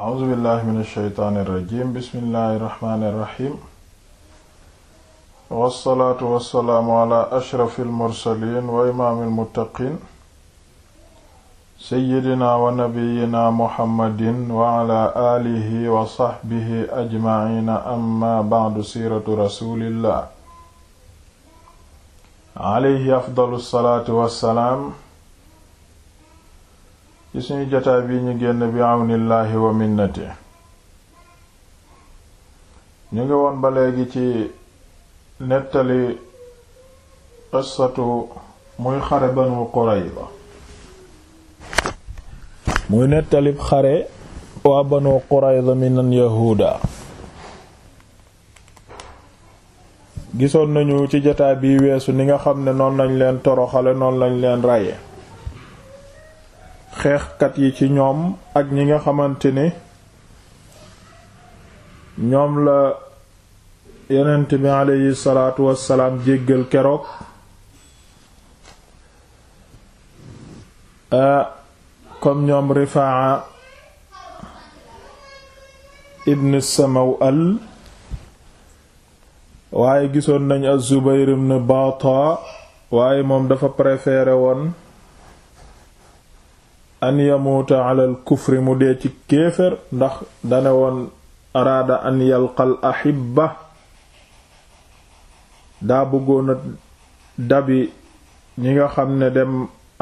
a'uuzu billahi min ash-shaytaani irrajim bismillahi irrahmaani irrahim wassalaatu wassalaamu ala ashrafi almursalin wa imaami almuttaqin seyyidina wa nabiyina muhammadin wa ala aalihi wa saxbihi ajmaciina amma bacdu siiratu rasulillah alayhi afdalu salaatu wassalaam ci suñu jotaay bi ñu génn bi àwnillaahi wa minnati ñu ngi woon ba léegi ci nettali qissatu muy xare banu qurayza muy nettali xare waa banu qurayza minan yahuuda gisoon nañu ci jotaay bii weesu ni nga xam ne noon lañ leen toroxale noonu lañ leen raye xeexkat yi ci ñoom ak ñi nga xamante ne ñoom la yonent bi aleyhi salaatu wassalaam jéggal keroog ah, comme ñoom Rifaa ibn Samawal waaye gisoon nañ az-Zubayr ibn Bata waaye moom dafa préféré woon an yamuuta alal kufri mu dee ci kéefér ndax dane woon araada an yalqal ahibba daa bëggoona dabi ñi nga xam ne dem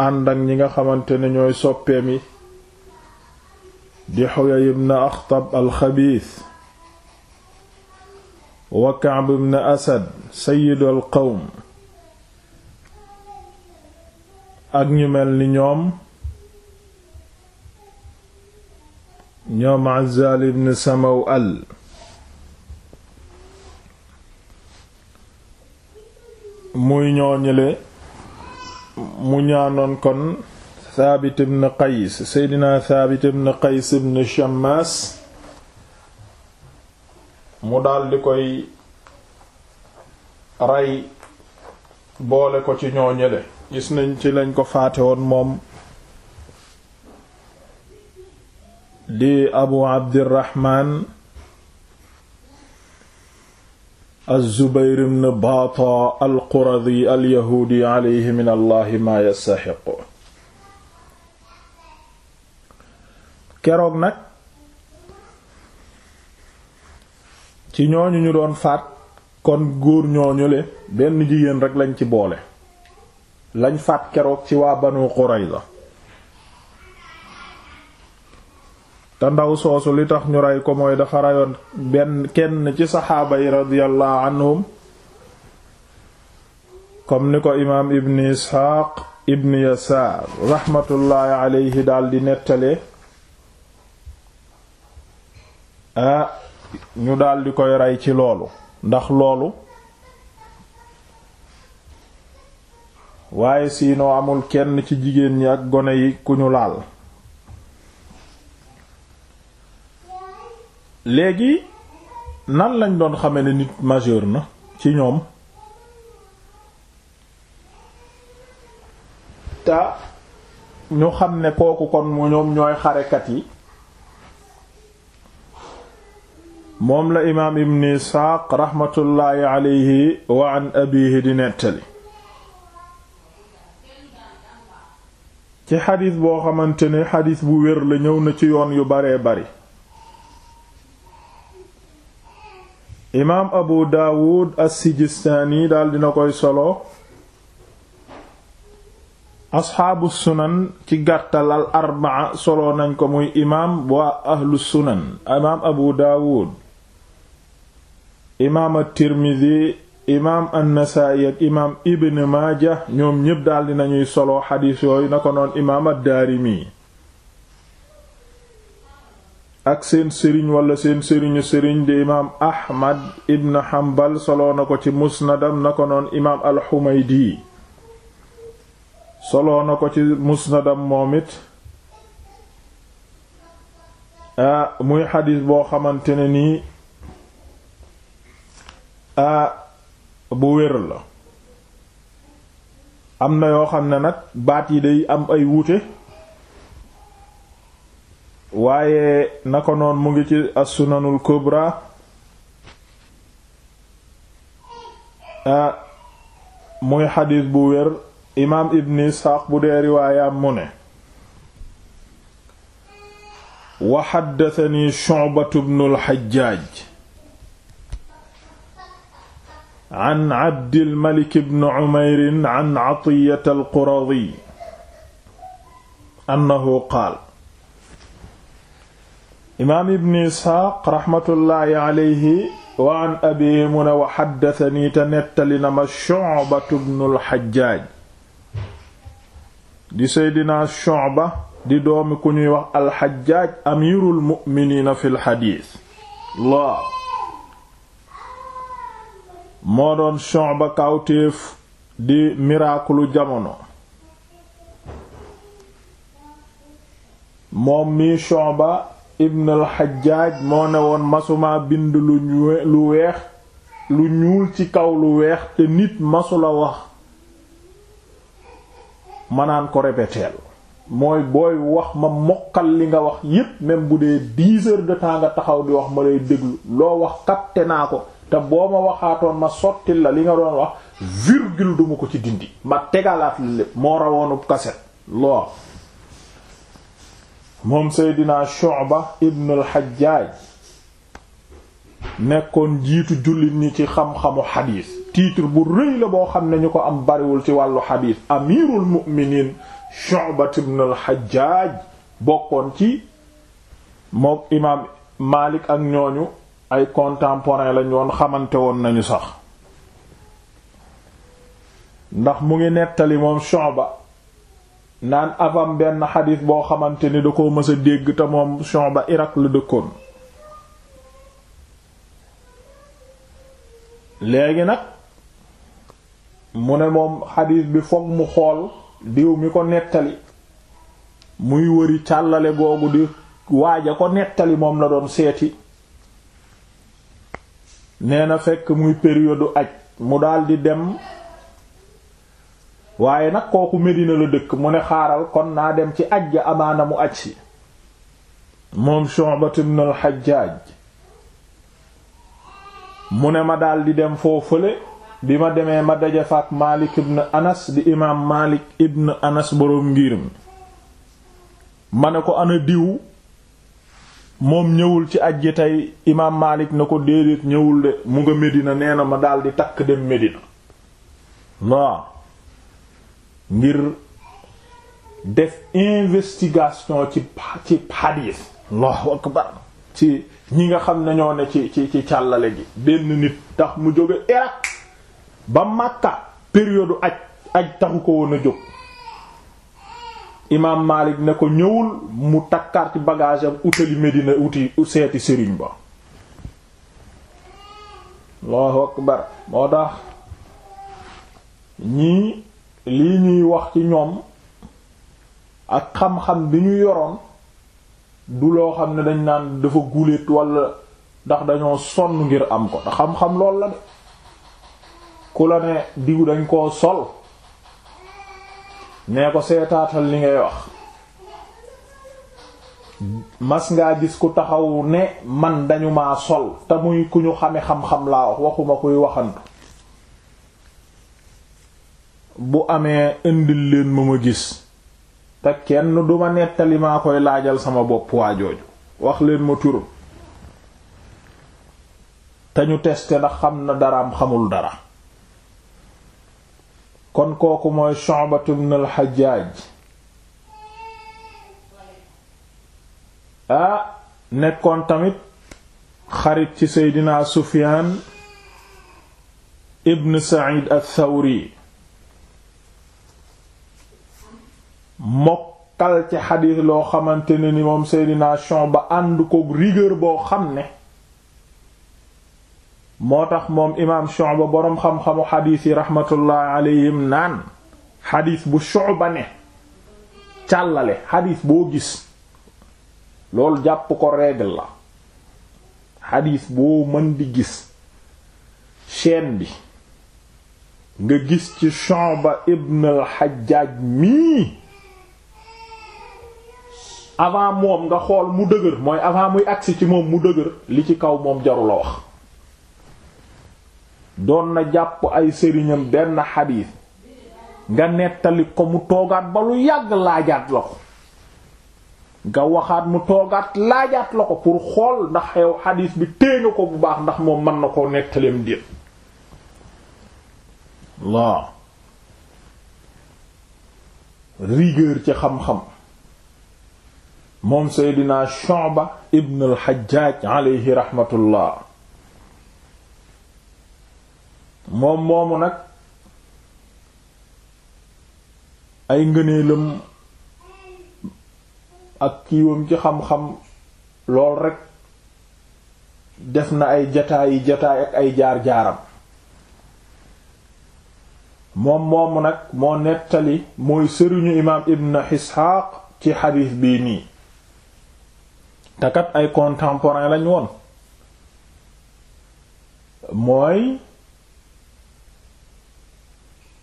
ànd ñi nga xamante ne ñooy soppeem yi di Huyay ibn Akhtab al-Khabiith wa Ka'b ibn Asad sayyidul qawm ak ñu mel ni ñoom ñoom Azzaal ibn Samaw al muy ñooñule mu ñaanoon kon Thabit ibn Qays Seydina Thabit ibn Qays ibn Shammas mu daldi koy ray boole ko ci ñooñule gis nañ ci lañ ko faate woon moom di abu abdirahman az-zubayr ibn baata al-quradi al-yahuudi ma yastaxiqu keroog nag ci ñooñu ñu doon faat kon góor ñooñule benn jigéen rekk lañ ci boole lañ faat keroog ci waa banu qurayza te ndaw soosu li tax ñu rey ko mooy dafa reyoon benn kenn ci saxaaba yi radiyallahu anhum comme ni ko imaam ibn isxaaq ibn yasaar raxmatullaahi aleyhi daldi nettalee ah ñu daldi koy rey ci loolu ndax loolu waaye siinoo amul kenn ci jigéen ñi ak gone yi ku ñu laal léegi nan lañ doon xame ni nit majeur na ci ñoom ta ñu xam ne kooku kon mu ñoom ñooy xarekat yi moom la imaam ibn isxaaq raxmatullaahi alayhi wa an abihi di nettali ci xadis boo xamante ne xadis bu wér la ñëw na ci yoon yu baree bari imaam abu daawud as-sijistaani daal koy solo asxaabu sunan ci gàttal al arbaa solo nañ ko muy imaam waa ahlu sunan imaam abu daawud imaam at-tirmidi imaam an ak imaam ibn maaja ñoom ñépp daal nañuy solo xadiis yooyu na ko noon imaam ad-daarimi ak seen sëriñ wala seen sëriñu sëriñ di imaam ahmad ibn hanbal soloo na ko ci musnadam na ko noon imaam alxumaydi soloo na ko ci musnadam moom it a muy xadis boo xamante ne nii a bu wér la am na yoo xam ne nag baat yi day am ay wuute waaye na ko noon mu ngi ci as-sunanul kubra muy xadiis bu wér imaam ibn isxaaq bu dee riwaayaam mu ne wa xaddatani shu'batu bnu lxajjaaj an abdilmalik bn umayr an atiyata alquradi annahu qaal imaam ibn isxaaq raxmatullaahi alayhi wa an abihi mu ne wa xaddatani te nettali na ma Shu'batu bnul Xajjaaj di seydinaa Shu'ba di doomi ku ñuy wax alxajjaaj amirul mu'miniina fil xadiis laa moo doon Shu'ba kawtéef di miraakulu jamono moom mii Shu'ba ibn al-Hajjaj moo ne woon masuma bind lu lu weex lu ñuul ci kaw lu weex te nit masu la wax manaan ko répéteel mooy booy wax ma mokkal li nga wax yépp même bu dee dix heures de taxaw di wax ma lay déglu loo wax capté naa ko te boo ma waxaatoon ma sottil la li nga doon wax virgule duma ko ci dindi ma tegalaat lépp moo rawoonub kaset loo moom seydina Shu'ba ibn al nekkoon jiitu jullit ñi ci xam-xamu xadiis titre bu rëy la boo xam ne ñu ko am bariwul ci wàllu xadiis amirul mu'minin Shu'ba ibn al-Hajjaj bokkoon ci mook imaam Malik ak ñooñu ay contemporain lañu xamante woon nañu sax ndax mu ngi nettali moom Shu'ba naan avam benn xadis boo xamante ni da koo mës a dégg te moom ba Irak la dëkkoon léegi nag mu ne moom xadis bi foog mu xool diw mi ko nettali muy wëri càllale googu di waaja ko nettali moom la doon seeti nee na fekk muy période aj mu daldi dem waaye nag kooku Medina la dëkk mu ne xaaral kon naa dem ci ajj amaana mu aj si moom Shu'bat ibn al-Hajjaj mu ne ma daldi dem foo fële bi ma demee ma daje fa ak Malik ibn Anas di imaam Malik ibn Anas boroom ngir mi ma ne ko ana diw moom ñëwul ci ajji tey imaam Malik na ko déedéet ñëwul de mu nga Medina nee na ma daldi takk dem Medina waaw ngir def investigation ci ci hadith allahu akbar ci ñi nga xam ne ne ci ci ci càllale gi benn nit tax mu jóge Irak ba Makka période aj aj taxu ko woon a jóg imaam Maalik ne ko ñëwul mu takkaat ci bagage utali Medina uti seeti sëriñ ba allahu akbar moo tax ñii lii ñuy wax ci ñoom ak xam-xam bi ñu yoroon du loo xam ne dañ naan dafa guléet walla ndax dañoo sonn ngir am ko te xam-xam lool la de ku la ne digu dañ koo sol nee ko seetaatal li ngay wax mas ngaa gis ku taxaw ne man dañu maa sol te muy ku ñu xame xam-xam laa wax waxuma kuy waxantu bu amee indil leen ma ma gis te kenn du ma nettali maa koy laajal sama bopp waa jooju wax leen ma turam te ñu teste ndax xam na daraam xamul dara kon kooku mooy Shu'batu ibn al-Hajjaj ah nekkoon tamit xarit ci Seydina Sufyan ibn Sa'id al-Thawri mokkal ci xadiis loo xamante ne ni moom Seydina ba ànd ko rigueur boo xam ne moo tax moom imaam Shu'ba boroom xam-xamu xadiis yi raxmatullaahi alayhim naan xadiis bu Shu'ba ne càllale xadiis boo gis loolu jàpp ko règle la xadiis boo mën di gis chaîne bi nga gis ci Shu'ba ibn al-Hajjaj mii avant moom nga xool mu dëgër mooy avant muy agsi ci moom mu dëgër li ci kaw moom jarula wax doon na jàpp ay sëriñam benn xadiis nga nettali ko mu toogaat ba lu yàgg laajaat la ko nga waxaat mu toogaat laajaat la ko pour xool ndax yow xadiis bi téye nga ko bu baax ndax moom mën na koo nettaleem déet waaw rigueur ci xam-xam moom seydina Shu'ba ibn al-Hajjaj rahmatullah moom moomu nag ay ngëneelam ak kiiwam ci xam-xam lool rekk def na ay jataayi jataay ak ay jaar-jaaram moom moomu nag moo nettali mooy sëriñu imaam ibn Isxaaq ci xadiis bii nii takat ay contemporain lañu woon mooy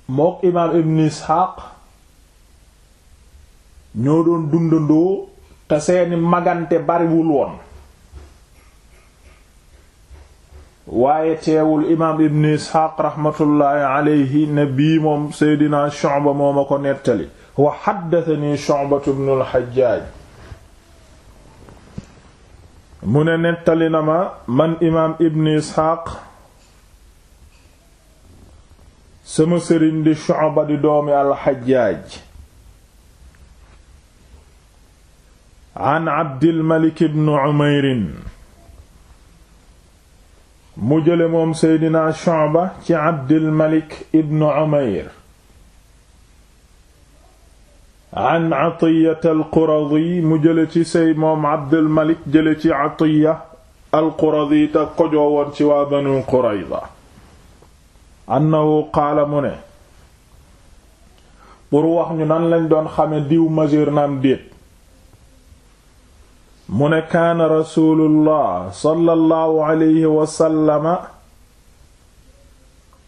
mook imaam ibn isxaaq ñoo doon dundandoo te seeni magante bariwul woon waaye teewul imaam ibn isxaaq raxmatullaahi alayhi ne bii moom seydina Shu'ba moo ma ko nettali wa xaddatani Shu'ba ibn al-Hajjaaj mu ne nettali na ma man imaam ibn isxaaq sama sëriñ di Shu'ba di doomi alxajaaj an abdilmalik ibn umayrin mu jële moom seydina Shu'ba ci abdilmalik ibn umayr an Atiyya al-Quradi mu jële ci say moom Abdul Malik jële ci Atiyya al-Quradi te kojoo woon ci waa Banu Qurayza annahu qaala mu ne pour wax ñu nan lañ doon xame diw majeur naam déet mu ne kaana rasuulullah sallallahu alayhi wasallama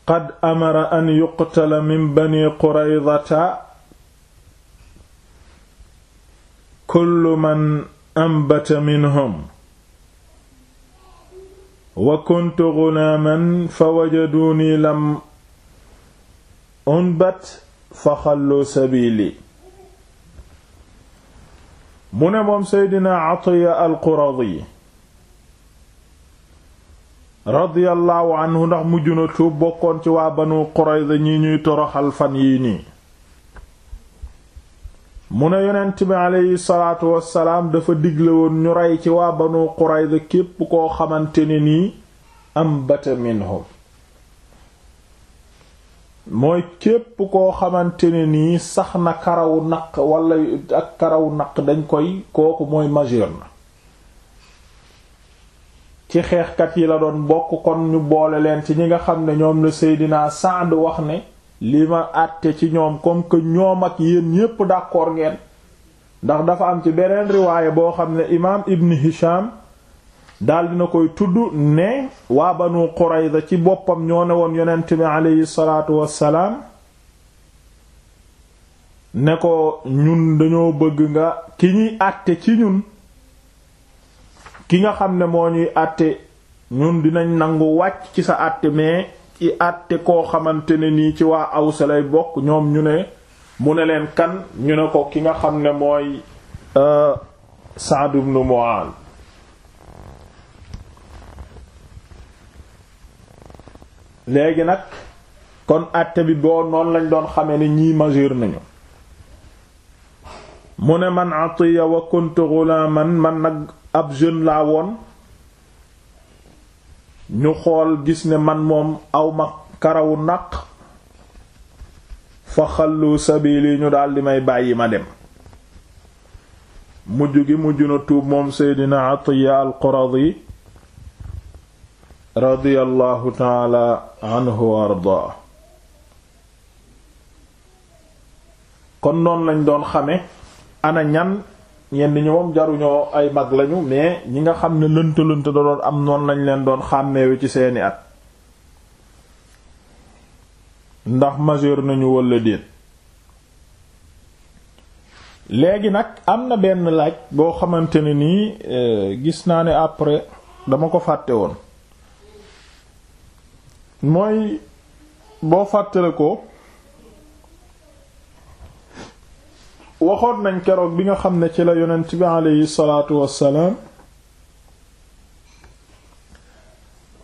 qad amara an yuqtala min bani Quraydata kullu man ambata minhum wa kuntu ghulaman fa wajaduni lam unbat fa xallu sabili mu ne moom seydina atiya alquradi radiyallahu anhu ndax mujj na tuub bokkoon ci waa banu qurayza ñi ñuy toroxal fan yi nii mu ne yonent bi aleyhi salaatu wassalaam dafa digle woon ñu rey ci waa banu Qurayza képp koo xamante ne nii am bata minhum mooy képp koo xamante ne nii sax na karawu naq wala ak karawu naq dañ koy kooku mooy majeur na ci xeexkat yi la doon bokk kon ñu boole leen ci ñi nga xam ne ñoom la Seydina Saad wax ne li ma àtte ci ñoom comme que ñoom ak yéen ñépp d'accord ngeen ndax dafa am ci beneen riwaaye boo xam ne imaam Ibn Hisham daal dina koy tudd ne waa Banu Qurayza ci boppam ñoo ne woon yonent bi aleyhi salaatu wassalaam ne ko ñun dañoo bëgg nga ki ñuy àtte ci ñun ki nga xam ne moo ñuy àtte ñun dinañ nangu wàcc ci sa àtte mais ci àtte koo xamante ne nii ci waa Aws lay bokk ñoom ñu ne mu ne leen kan ñu ne ko ki nga xam ne mooy euh, Sa'd ibn Mu'adh léegi nag kon àtte bi boo noonu lañ doon xamee ne ñii majeur nañu mu ne man Atiya wa kuntu man man nag ab jeune laa woon ñu xool gis ne man moom awma karawu naq fa xallu yi ñu daldi may bàyyi ma dem mujj gi mujj na tuub moom seydina atiya al quradi radiyallahu taala anhu ardaa kon noonu lañ doon xame ana ñenn di moom jaruñoo ay mag lañu mais ñi nga xam ne lënt lënt da doon am noonu lañu leen doon xàmmeewu ci seeni at ndax majeur nañu walla déet léegi nag am na benn laaj boo xamante ne nii euh, gis naa ne après dama ko fàtte woon mooy boo fàttale ko waxoon nañ keroog bi nga xam ne ci la yonent bi aleyhi salaatu wassalaam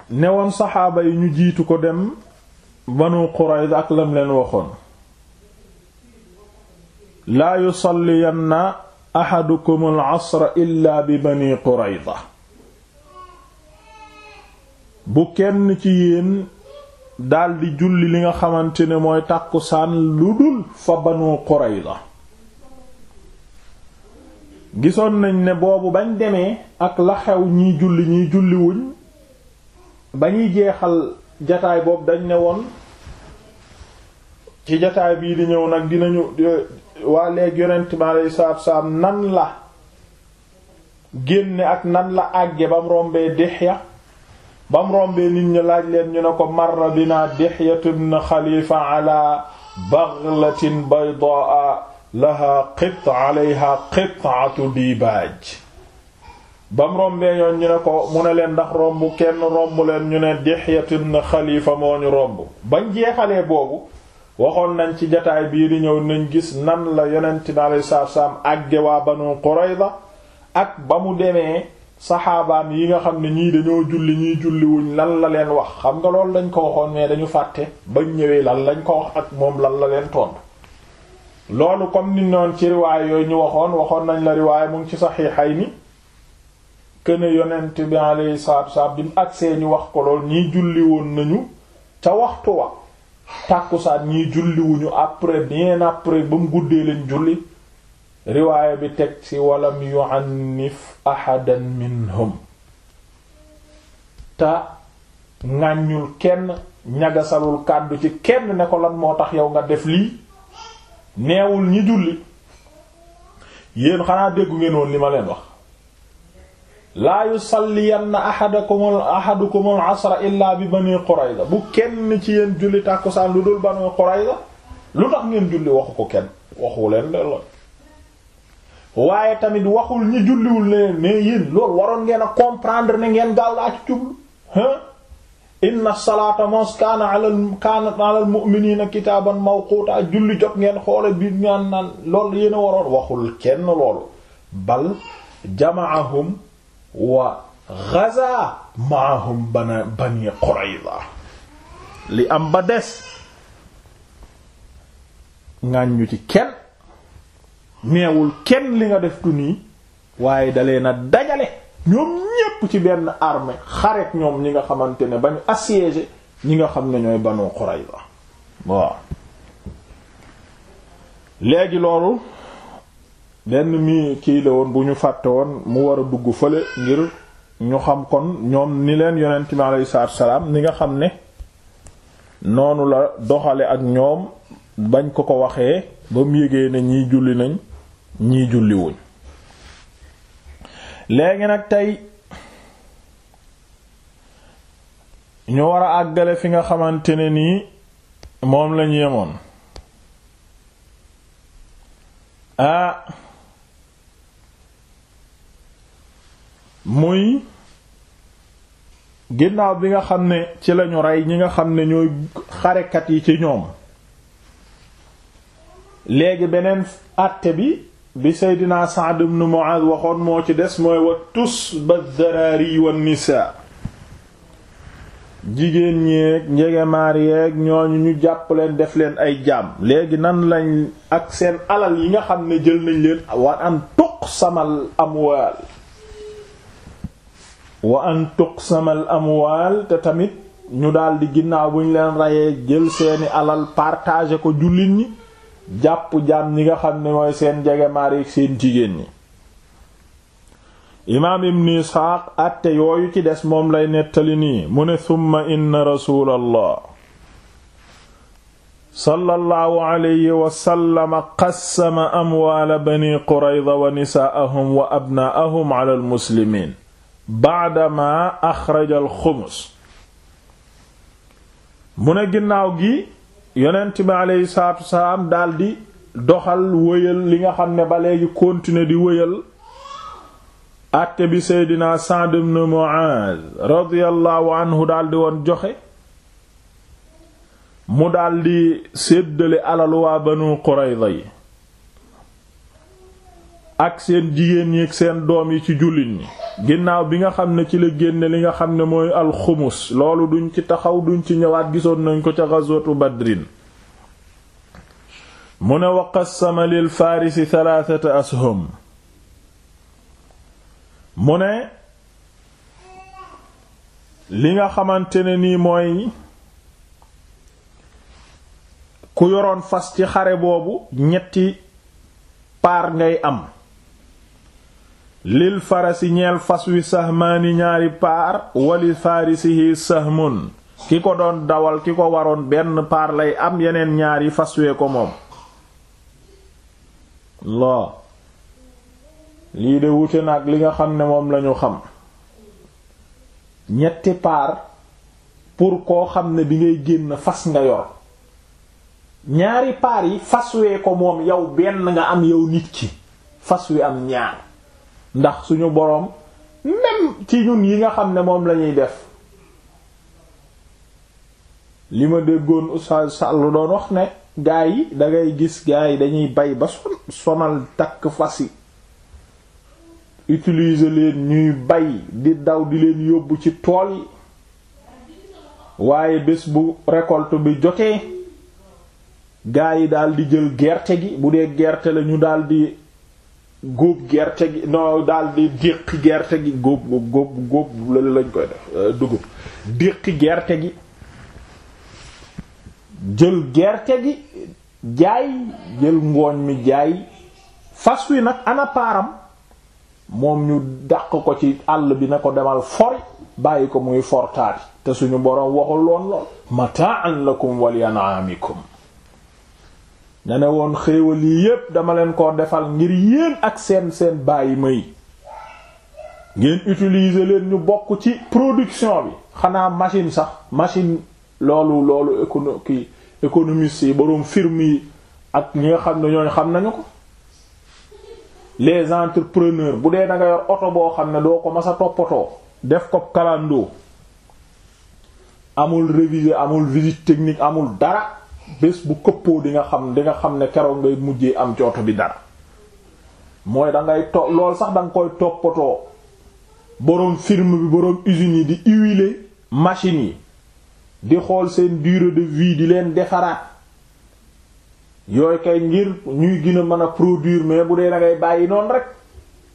newoon saxaaba yi ñu jiitu ko dem banu Qurayza ak lam leen waxoon laa yusalliyanna ahadukum al-asra illaa bi bani Qurayza bu kenn ci yéen daldi julli li nga xamante ne mooy tàkkusaan lu dul fa banu Qurayza gisoon nañ ne boobu bañ demee ak la xew ñiy julli ñiy julliwuñ ba ñuy jeexal jataay boobu dañ ne woon ci jataay bii di ñëw nag dinañu waa léegi yonent mi aleyhi salaatu salaam nan la génne ak nan la àggee ba mu rombee Dihya ba mu rombee nit ñi laaj leen ñu ne ko marra binaa Dihya ibn Xalifa ala baghlatin baydaa laha qit alayha qit'atu dibaaj bam rombee ñoon ñu ne ko mu ne leen ndax romb kenn romb leen ñu ne Dihya na Xalifa moo ñu romb bañ jeexalee boobu waxoon nañ ci jataay bii di ñëw nañ gis nan la yonent bi alayhi salaatu salaam àgge waa Banu Qurayza ak ba mu demee saxaabaan yi nga xam ne ñii dañoo julli ñuy julliwuñ lan la leen wax xam nga loolu lañ ko waxoon mais dañu fàtte bañ ñëwee lan lañ ko wax ak moom lan la leen tontu loolu comme ni noon ci riwaay yooyu ñu waxoon waxoon nañ la riwaay mu ngi ci saxiixayni këne yonent bi alayhi salaatu wassalaam bi mu agsee ñu wax ko lool ñii julli woon nañu ca waxtu wa tàkkusaan ñii julliwuñu après bien après ba mu guddee leen julli riwaaya bi teg ci walam yu'annif ahadan minhum te ŋàññul kenn ñagasalul kàddu ci kenn ne ko lan moo tax yow nga def lii neewul ñi julli yéen xanaa déggu ngeen woon li ma leen wax laa yusalliyanna ahadakum ahadukum al-asra illaa bi bani qurayza bu kenn ci yéen julli tàkkusaan lu dul bani qurayza lu tax ngeen julli waxu ko kenn waxu leen lool waaye tamit waxul ñi julliwul ne mais yéen loolu waroon ngeen a comprendre ne ngeen gaaw laa ci jublu inna salaata mos kaana alal kaanat kitaaban mawquuta julli jot ngeen xoole bi ñaan naan loolu yéen a waroon waxul kenn loolu bal jamaahum wa ghaza maahum bani qurayza li am ba des ngàññu ci kenn neewul kenn li nga def ku nii waaye dalee na dajale ñoom ñépp ci benn armée xareet ñoom ñi nga xamante ne ba ñu assiégé ñi nga xam ne ñooy Banu Qurayza waaw léegi loolu benn mi kiile woon bu ñu fàtte woon mu war a dugg fële ngir ñu xam kon ñoom ni leen yonent mi alayhi salaam ni nga xam ne noonu la doxale ak ñoom bañ ko ko waxee ba mu yégee ne ñii julli nañ ñii julli wuñ léegi nag tey ñu war a àggale fi nga xamante ne nii moom lañu yemoon ah muy ginnaaw bi nga xam ne ci lañu rey ñi nga xam ne ñooy xarekat yi ci ñoom léegi beneen àtte bi bi seydinaa Sa'd ibn Mu'adh waxoon moo ci des mooy wa ba daraari wa nisaa jigéen ñeeg njegemaar yeeg ñooñu ñu jàpp leen def leen ay jaam léegi nan lañ ak seen alal yi nga xam ne jël nañ leen wa an tuqsamal amwaal wa an tuqsamal amwaal te tamit ñu daldi ginnaaw buñ leen reyee jël seeni alal partage ko jullit ñi jàpp jaam ñi nga xam ne mooy seen jege maari seen jigéen ñi imaam ibn isxaaq atte yooyu ci des moom lay nettali nii mu ne summa inna rasuulallah sallallahu alayhi wasallama qassama amwaala bani qurayda wa nisaa'ahum wa abnaa'ahum ala almuslimiin ba'dama axraja alxumus mu ne ginnaaw gi yonent bi aleyhi salaatu daldi doxal wëyal li nga xam ne ba léegi continuer di wëyal àtte bi seydina Sa'd ibn Mu'aaz radiyallahu anhu daldi woon joxe mu daldi séddale alal waa Banu Qurayza yi ak seen jigéen ñi ak seen doom yi ci jullit ñi ginnaaw bi nga xam ne ci la génne li nga xam ne mooy alxumus loolu duñ ci taxaw duñ ci ñëwaat gisoon nañ ko ca ghazwatu badrin mu ne wa qassama lil farisi thalathata ashum mu ne li nga xamante ne nii mooy ku yoroon fas ci xare boobu ñetti paar ngay am lil farasi ñeel fas wi sahmaani ñaari paar wali farisihi sahmun ki ko doon dawal ki ko waroon benn paar lay am yeneen ñaari fas wee ko moom loo lii de wuute nag li nga xam ne moom lañu xam ñetti paar pour koo xam ne bi ngay génn fas nga yor ñaari paar yi fas wee ko moom yow benn nga am yow nit ki fas wi am ñaar ndax suñu boroom même ci ñun yi nga xam ne moom lañuy def li ma déggoon Oustaz Sall doon wax ne gaa yi dangay gis gaa yi dañuy bay ba son sonal takk fas yi utilise leen ñuy bay di daw di leen yóbbu ci tool yi waaye bés bu récolte bi jotee gaa yi daldi jël gerte gi bu dee gerte lañu ñu daldi góob gerte gi non daal di gerte gi góob góob góob lañ koy euh, dugub déqi gerte gi jël gerte gi jaay jël ngooñ mi jaay fas wi nag ana paaram moom ñu dàq ko ci àll bi na ko demal fori bàyyi ko muy fortaati te suñu boroom waxul loon lool mataan lakum wali anamikum ne ne woon xéewal yi yépp dama leen ko defal ngir yéen ak seen seen bàyyi may ngeen utiliser leen ñu bokk ci production bi xanaa machine sax machine loolu loolu écono ki économiste yi boroom firme yi ak ñi nga xam ne ñooñu xam nañu ko les entrepreneurs bu dee da nga yor oto boo xam ne doo ko mas a toppatoo def ko kalandoo amul réviser amul visite technique amul dara bés bu këppoo di nga xam di nga xam ne keroog ngay mujjee am ci oto bi dara mooy da ngay to lool sax da koy toppatoo boroom firme bi boroom usine yi di huiler machines yi di xool seen durée de vie di leen defaraat yooyu kay ngir ñuy gën a mën a produire mais bu dee da bàyyi noonu rek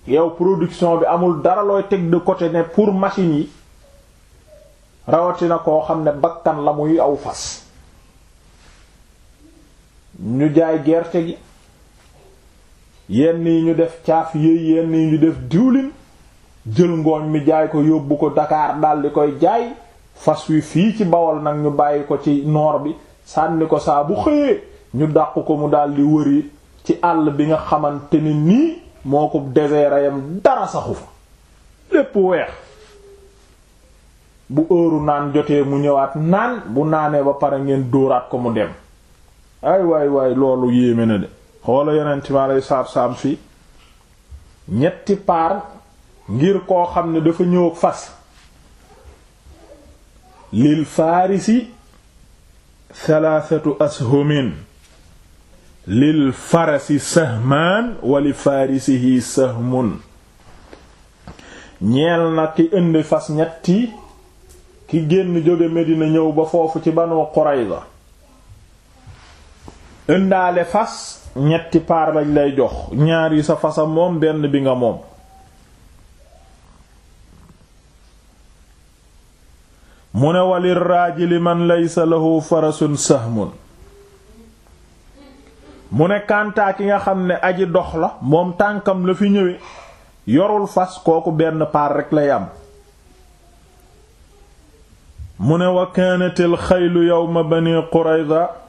yow production bi amul dara looy teg de côté ne pour machine yi rawatina koo xam ne bakkan la muy aw fas. ñu jaay gerte gi yenn yi ñu def caaf yéey yenn yi ñu def diwlin jël ngooñ mi jaay ko yóbbu ko Dakar daldi koy jaay fas wi fii ci Bawol nag ñu bàyyi ko ci noor bi sànni ko saa bu xëyee ñu dàq ko mu daldi wëri ci àll bi nga xamante ni nii moo ko désert yam dara saxu fa lépp weex bu heure naan jotee mu ñëwaat naan bu naanee ba pare ngeen dóoraat ko mu dem ay waay waay loolu yéeme na de xoola yonent mi aleyhi salaatu salaam fii ñetti paar ngir koo xam ne dafa ñëw fas lil farisi thalathatu ashumin lil farasi sahmaan wali farisihi sahmun ñeel na ki indi fas ñetti ki génn jóge Medina ñëw ba foofu ci Banu la indaale fas ñetti paar lañ lay jox ñaar yi sa fasa moom benn bi nga moom mu ne walir li man lay lahu farasun sahmun mu ne kàntaa ki nga xam ne aji dox la moom tànkam la fi ñëwee yorul fas kooku benn paar rekk lay am mu ne wa kaanatil xaylu yawma bani qurayza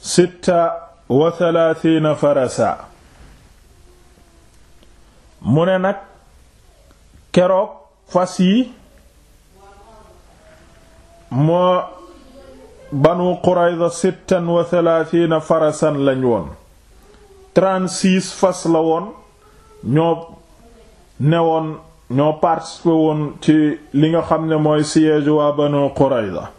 sitta wa thalaathiina farasa mu ne nag keroog fas yi moo banu Qurayza sittan wa thalaathiina lañ woon trente-six fas la woon ñoo newoon ñoo participé woon ci li nga xam ne mooy siège waa banu Qurayza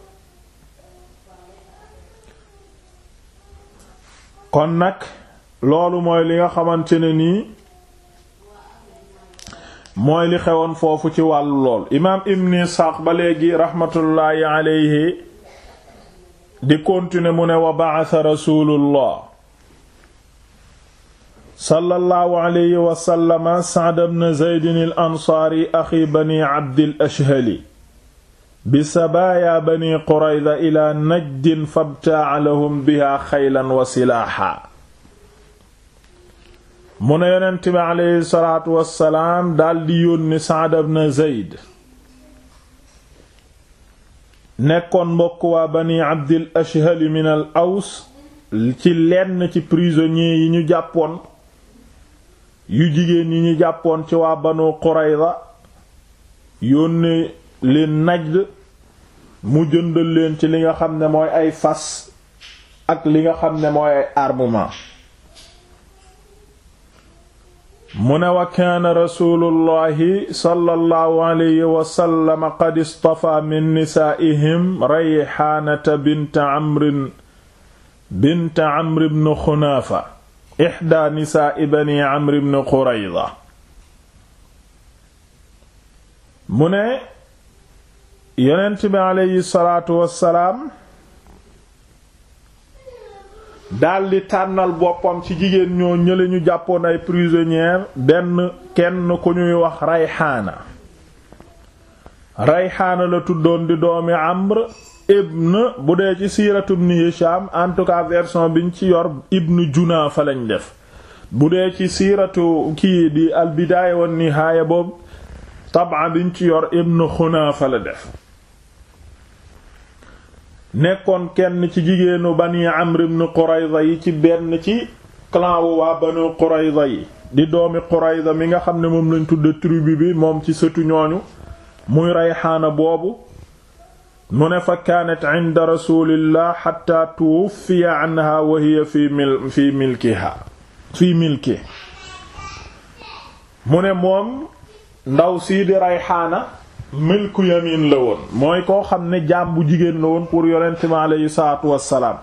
kon nag loolu mooy li nga xamante ne nii mooy li xewoon foofu ci wàllu lool imaam ibn isxaaq ba léegi raxmatullaahi aleyhi di continuer mu ne wa ba'atha rasuulullah sallallahu alayhi zaydin ansaari axi bani abdil ashhali bi sabaaya bani qurayda ila najdin fabtaa lahum biha xaylan wa silaaxa mu ne yonent bi aleyhi daldi yónni Saad ibn Zayd nekkoon mbokk waa bani abdil ashhali min al aws ci lenn ci prisonniers yi ñu jàppoon yu jigéen yi ñu jàppoon ci waa banu qurayda yónni li Najd mu jënd leen ci li nga xam ne mooy ay fas ak li nga xam ne mooy ay armement mu ne wa kaana rasulullahi sallallahu alayhi wasallam qad istafa min nisaa'ihim rayhaanata bint amrin bint amr ibn xunaafa ixda nisaa'i bani amr ibn qurayza mu ne yonent bi aleyhi salaatu wassalaam daldi tànnal boppam ci jigéen ñoo ñële ñu jàppoon ay prisonnière benn kenn ku ñuy wax rayxaana rayxaana la tuddoon di doomi amr ibn bu dee ci siiratu en tout cas version biñ ci yor ibn juna fa lañ def bu dee ci siiratu kii di al bidaaya wan nihaaya boobu tab'a biñ ci yor ibn xunaa fa la def nekkoon kenn ci jigéenu bani Amr ibn Qurayza yi ci benn ci clan wu waa banu Qurayza yi di doomi Qurayza mi nga xam ne moom lañ tudd tribu bi moom ci sëtu ñooñu muy Rayhaana boobu mu ne fa kaanat inda rasulillah xatta tuwuffiya anha wa hiya fi milki mu ne moom ndaw sii di Rayhaana milku yamin la woon mooy koo xam ne jaam bu jigéen la woon pour yonent mi aleyhi salaatu wassalaam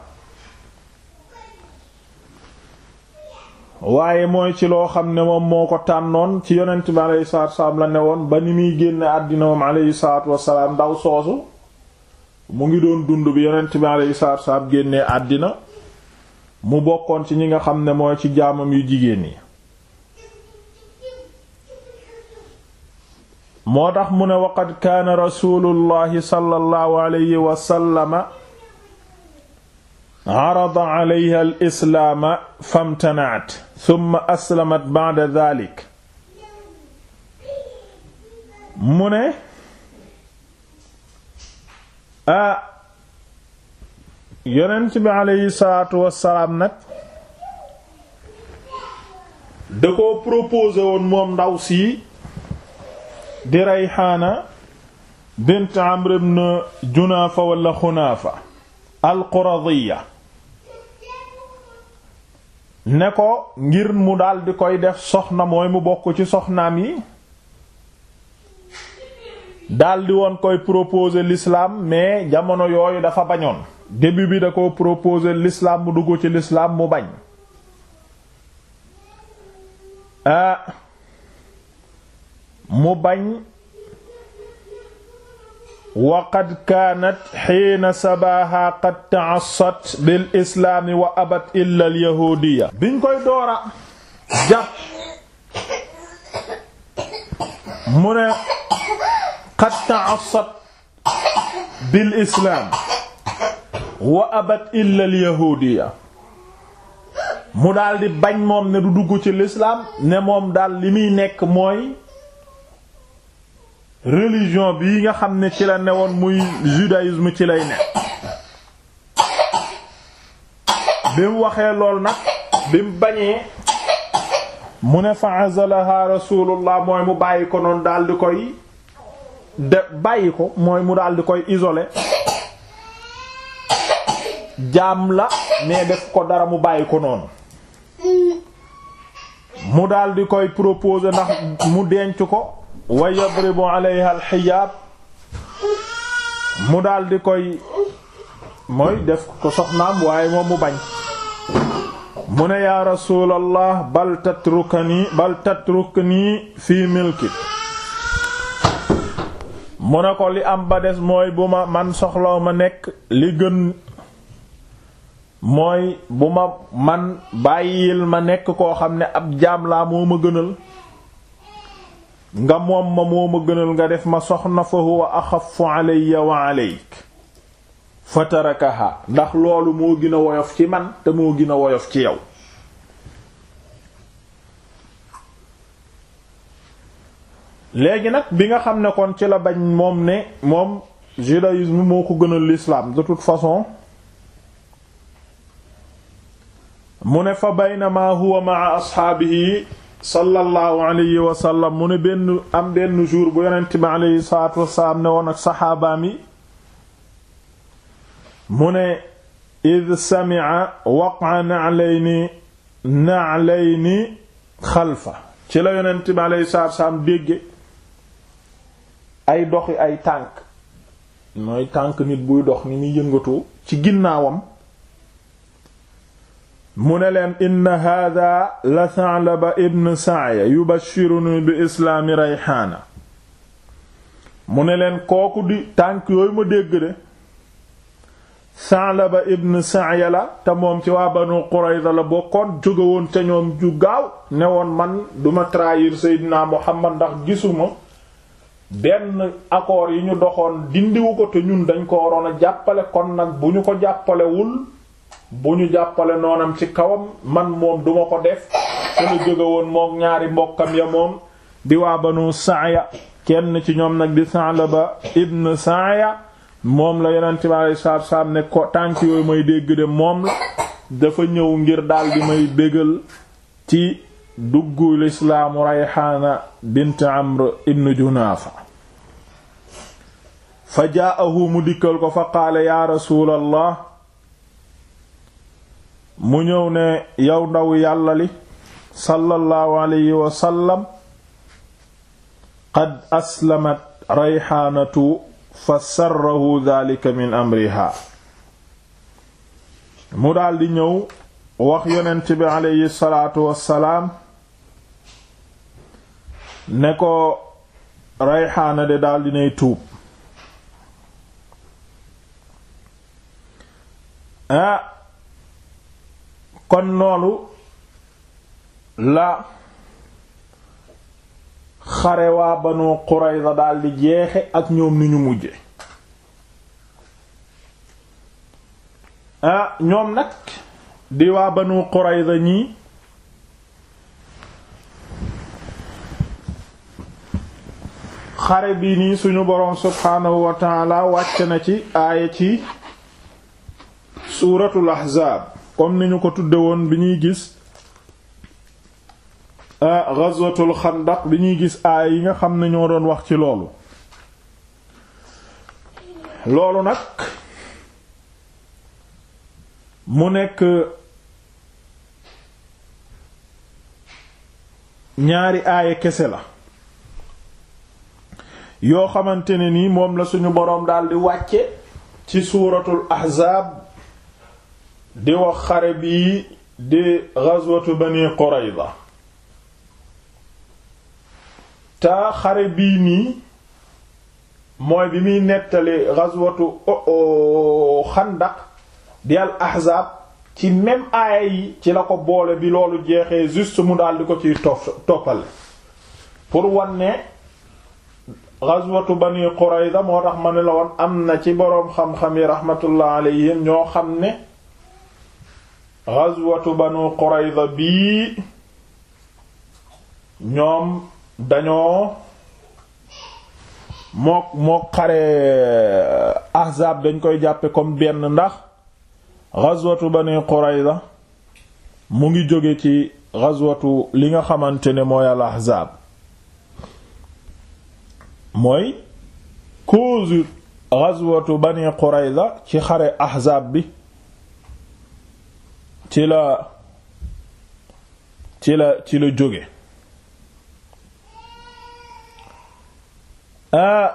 waaye mooy ci loo xam ne moom moo ko tànnoon ci yonent mi aleyhi salaatu wassalaam la ne woon ba ni muy génne àddina moom aleyhi salaatu wassalaam ndaw soosu mu ngi doon dund bi yonent mi aleyhi salaatu wassalaam génnee àddina mu bokkoon ci ñi nga xam ne mooy ci jaamam yu jigéen yi moo tax mu ne waqad kaana rasulullahi sallallahu alayhi wa sallama arada alayha al islaama famtanaat thumma aslamat ba'da dhalik mu ne a yonent bi aleyhi salaatu wassalaam nag ndaw si di rayxaana bint amr ibn junaafa wala xunaafa alquradiya ne ko ngir mu daldi koy def soxna mooy mu bokk ci soxnaam yi daldi woon koy proposer lislaam mais jamono yooyu dafa bañoon début bi da ko proposer lislaam mu dugg ci l'islam mu bañ euh, mu bañ wa qad kaanat xiina sabaaha qad taassat bil islaami wa abat illa al yahuudiya biñ koy doora jàpp mu ne qad taassat bil islaam wa abat illa al yahuudiya mu daldi bañ moom ne du dugg ci lislaam ne moom daal li muy nekk mooy religion bii nga xam ne ci la newoon muy judaïsme ci lay ne bi mu waxee lool nag bi mu bañee mu ne fa azalaha rasulullah mooy mu bàyyi ko noonu daal koy de bàyyi ko mooy mu daal di koy isole jaam la mais def ko dara mu bàyyi ko noonu mu daldi koy proposer ndax mu denc ko wa yadribu alayha alxijaab mu daldi koy mooy def ko soxnaam waaye moom mu bañ mu ne yaa rasuulallah bal tatrukani bal fii milki mu ne ko li am ba des mooy bu ma man soxlaw ma nekk li gën mooy bu ma man bàyyil ma nekk koo xam ne ab jaam laa moo ma gënal nga moom ma moo ma gënal nga def ma soxna fa huwa axafu alayya wa alayk fa tarakaha ndax loolu moo gën a woyof ci man te moo gën a woyof ci yow léegi nag bi nga xam ne kon ci la bañ moom ne moom judaïsme moo ko gënal l'islam de toute façon mu ne fa baynama huwa maa asxaabihi sallallahu alayhi wa sallam mu ne benn am benn jour bu yonent bi alayhi salaatu wasalaam ne woon ak saxaabaam yi mu ne id sami'a waqa na'layni na'layni xalfa ci la yonent bi alayhi salaatu wasalaam dégge ay doxi ay tànk mooy tànk nit buy dox ni muy yëngatoo ci ginnaawam mu ne leen inna hada la Sa'laba ibn Sa'ya yubashiruni bi islaami Rayhaana mu ne leen kooku di tànk ma dégg de Sa'laba ibn Sa'ya la te moom ci waa Banu Qurayza la bokkoon jóge woon te ñoom ju gaaw ne woon man duma trahir Seydina Muhammad ndax gisuma benn accord yi ñu doxoon dindiwu ko te ñun dañ ko waroon a jàppale kon nag bu ñu ko jàppalewul bu ñu jàppale noonam ci kawam man moom duma ko def sunu jóge woon moom ñaari mbokkam ya moom di waa banu saaya kenn ci ñoom nag di Sa'laba ibn saaya moom la yonent bi alayhi salaatu ne ko tànk yooyu may dégg de moom la dafa ñëw ngir di may bégal ci duggu lislaamu Rayhaana bint Amr ibn Junaafa fa jaa'ahu mu dikkal ko fa qaala yaa rasuulallah mu ñëw ne yow ndaw yàlla li sallallahu alayhi wa sallam qad aslamat rayxaanatu fa sarrahu daalika min amriha mu daldi ñëw wax yonent bi alayhi salaatu wassalaam ne ko rayxaana de daldi nay tuub ah kon noonu la xare waa Banu Qurayza daldi jeexe ak ñoom ni ñu mujje ah ñoom nag di waa Banu Qurayza ñii xare bi nii suñu boroom subhaanahu wa taala wàcc na ci aaya ci suuratul ahzaab comme ni ko tudde woon bi ñuy gis ghazwatul xandaq bi ñuy gis aay yi nga xam ne ñoo doon wax ci loolu loolu nag mu nekk ñaari aaya kese la yoo xamante ne nii moom la suñu boroom di wàcce ci suuratul ahzaab di wax xare bii di ghazwatu Bani Qurayza te xare bii nii mooy bi muy nettali ghazwatu Xandaq di al Ahzaab ci même aaya yi ci la ko boole bi loolu jeexee juste mu daal di ko ciy toppale pour wan ne ghazwatu Bani Qurayza moo tax ma ne la woon am na ci boroom xam-xam yi rahmatullah alayhim ñoo xam ne ghazwatu banu qurayza bii ñoom dañoo mook mook xare eh, ahzaab dañ koy jàppe comme benn ndax ghazwatu banu qurayza mu ngi jóge ci ghazwatu li nga xamante ne mooy al ahzaab mooy cause ghazwatu banu qurayza ci xare ahzaab bi ci la ci la ci la jóge ah,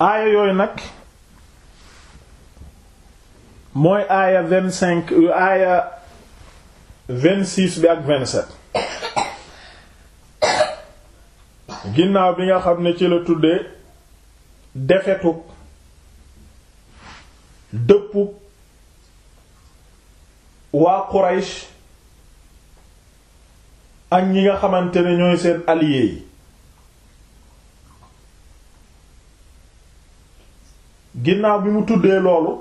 aaya yooyu nag mooy aaya vingt-cinq aaya vingt-six bi ak vingt-sept ginnaaw bi nga xam ne ci la tuddee defetu dëppub waa Quraysh ak ñi nga xamante ne ñooy seen allié yi ginnaaw bi mu tuddee loolu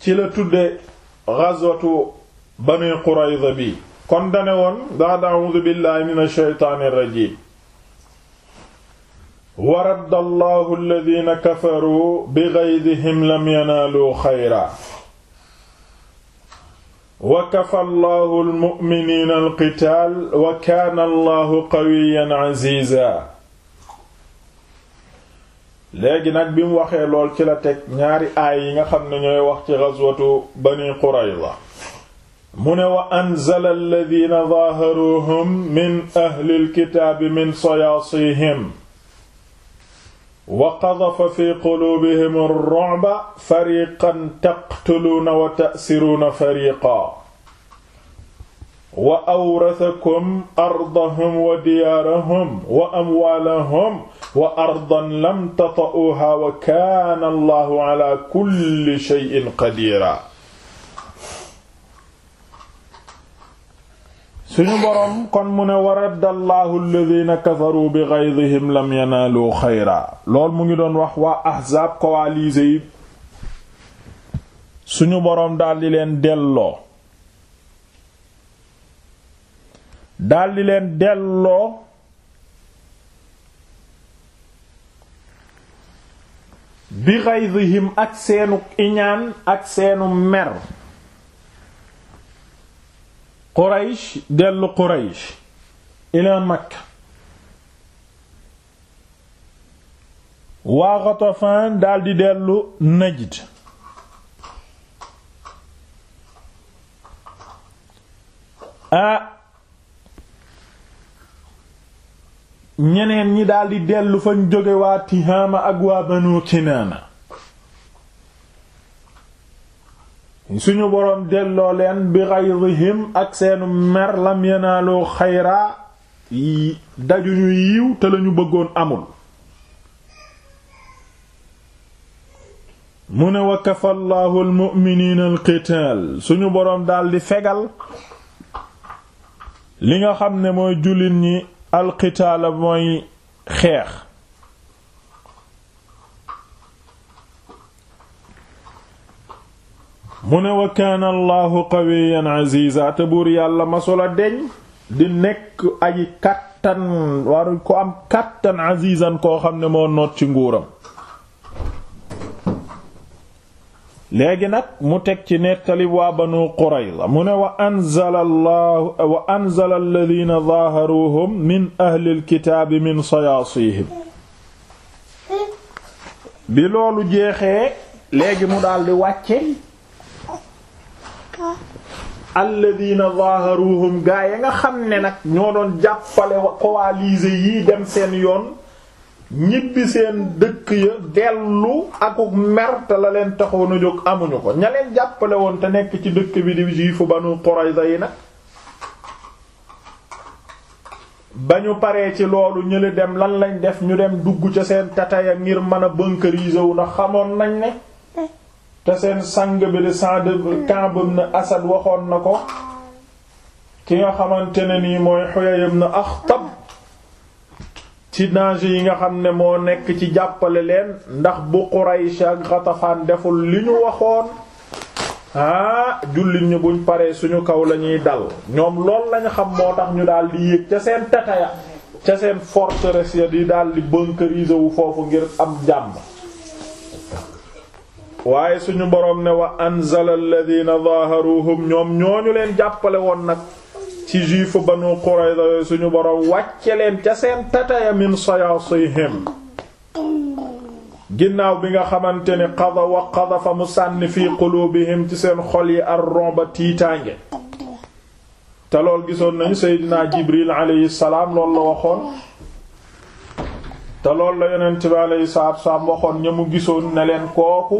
ci la tudde ghazwatu bani Qurayza bi kon dane woon daxad a'uudu billahi minash shaytaanir rajiim wa radda allahu alladhiina kafaruu bighayzihim lam yanaaluu xayra wa kafa allahu almu'miniina alqitaal wa kaana allahu qawiyyan aziizaa léegi nag bi mu waxee lool ci la teg ñaari aay yi nga xam ne ñooy wax ci gazwatu bani qurayza mu ne wa anzala alladhiina dhaaharuuhum min ahli alkitaabi min sayaasihim wa qadafa fi quluubihim ar-ru'ba fariqan taqtuluuna wa ta'siruuna fariqan wa awrathakum ardahum wa diyaarahum wa amwaalahum wa ardan lam tata'uuhaa wa kaana Allahu ala kulli shay'in qadiira suñu boroom kon mu ne wa raddallahu alladhina kafaru bi ghaydhihim lam yanaalu xayra lool mu ngi doon wax waa ahzaab coalisés yi suñu boroom daldi leen delloo daldi bi ghaydhihim ak seenu iñaan ak seenu mer Quraysh dellu Quraysh ila Makka waa Ghatafan daldi dellu Najd a ñeneen ñi daldi dellu fañ jóge waa Tihaama ak waa Banu Kinaana suñu boroom delloo leen bi ghayrihim ak seenu mer lam yanaaloo xayra dajuñu yiw te lañu bëggoon amul mu ne wa kafa allahu suñu boroom daldi fegal li nga xam ne mooy jullit ñi alqitaala mooy xeex mu ne wa kaana allahu qawiyan aziza te buur yàlla masula deñ di nekk aji kàttan waru ko am kàttan azizan koo xam ne moo noot ci nguuram léegi nag mu teg ci nettali waa banu qurayza mu wa anzala allahu wa anzala alladhina min ahli alkitaabi min sayaasihim bi loolu jeexee léegi mu daldi wàcce alladina zaharuhum gaa ya nga xam ne nag ñoo doon jàppale coalisé yii dem seen yoon ñibbi seen dëkk ya dellu akuk mer la leen taxoon a jóg amuñu ko ña leen jàppale woon te nekk ci dëkk bi di juifu banu Qurayza yi nag ba ñu paree ci loolu ñële dem lan lañ def ñu dem dugg ca seen tataya ngir mën a bunkeriser wu ndax xamoon nañ ne te seen sang bi de Sa'd Ka'b Asad waxoon na ko ki nga xamante ne nii mooy na ax Akhtab ci danger yi nga xam ne moo nekk ci jàppale leen ndax bu Quraysh ak Ghatafan deful li ñu waxoon ah jullit ñu buñ paree suñu kaw lañuy dal ñoom lool lañ xam moo tax ñu daal di yéeg ca seen tataya ca seen forteresse ya di daal di bunkeriser wu foofu ngir am jàmm waaye suñu boroom ne wa anzala alladhina zaharuhum ñoom ñooñu leen jàppale woon nag ci juifu banu Qurayza yooyu suñu boroom wàcce leen ca seen tataya min sayasihim ginnaaw bi nga xamante ni qada wa qadafa mu sànni fi qulubihim ci seen xol yi ar-ru'ba tiitaange te lool gisoon nañu seydinaa Jibril alayhi salaam loolu la waxoon te lool la yonent bi alayhi salaatu wassalaam waxoon ña mu gisoon ne leen kooku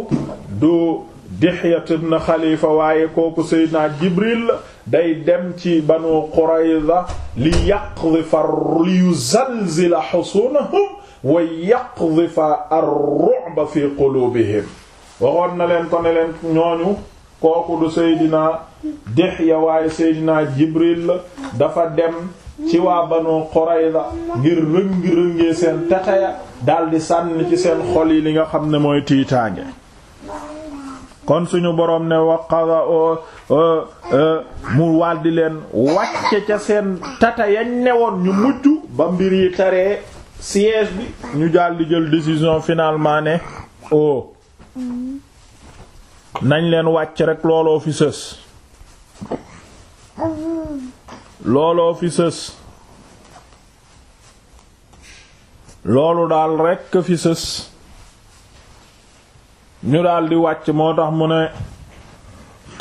du Dihiyat ibn Xalifa waaye kooku Seydina Jibril day dem ci Banu Qurayza li yaqdhifa li yuzalzila husunahum wa yaqdhifa ar-ru'ba fi qulubihim waxoon na leen ko ne leen ñooñu kooku du Seydina Dihya waaye Seydina Jibril dafa dem ci waa Banu Qurayza ngir rëngi-rëngee seen taxaya daldi sànni ci seen xol yi li nga xam ne mooy tiitaange kon suñu boroom ne waqada mu waldi leen wàcce ca seen tata yañ newoon ñu mujj ba mbir yi taree siège bi ñu daldi jël décision finalement ne o nañ leen wàcc rekk looloo fi sës looloo fi sës loolu daal rekk fi sës ñu daal di wàcc moo tax mu ne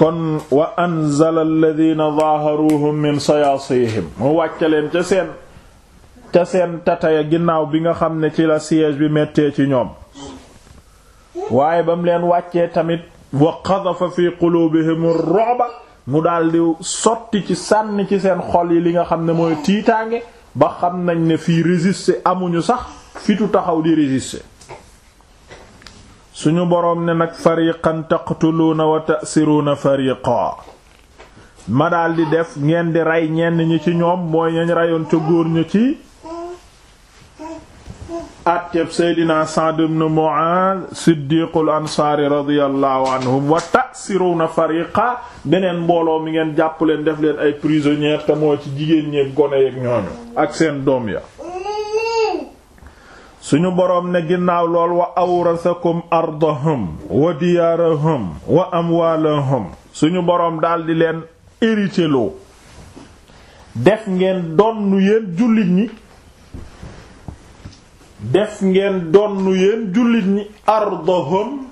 kon wa anzala alladhina zaaharuhum min sayaasihim mu wàcce leen ca seen ca tataya ginnaaw bi nga xam ne ci la siège bi mettee ci ñoom waaye ba mu leen wàccee tamit wa qadhafa fi qulubihim ar-ru'ba mu daldi sotti ci sànni ci seen xol yi li nga xam ne mooy tiitaange ba xam nañ ne fii résister amuñu sax fitu taxaw di résister suñu boroom ne nag fariqan taqtuluuna wa ta'siruuna fariqa ma daldi def ngeen di rey ñenn ñi ci ñoom mooy ñañ reyoon ca góor ñi ci atteeb seydina Sa'd ibn Mu'adh siddiqul ansaari radiyallahu anhum wa ta'siruna fariqa beneen mbooloo mi ngeen jàpp leen def leen ay prisonnière te moo ci jigéen ñeeg gone yeeg ñooñu ak seen doom ya suñu boroom ne ginnaaw lool wa awrasakum ardahum wa diyaarahum wa amwaalahum suñu boroom daldi leen hériteloo def ngeen donnu yeen jullit ñi def ngeen donnu yéen jullit ñi ardahum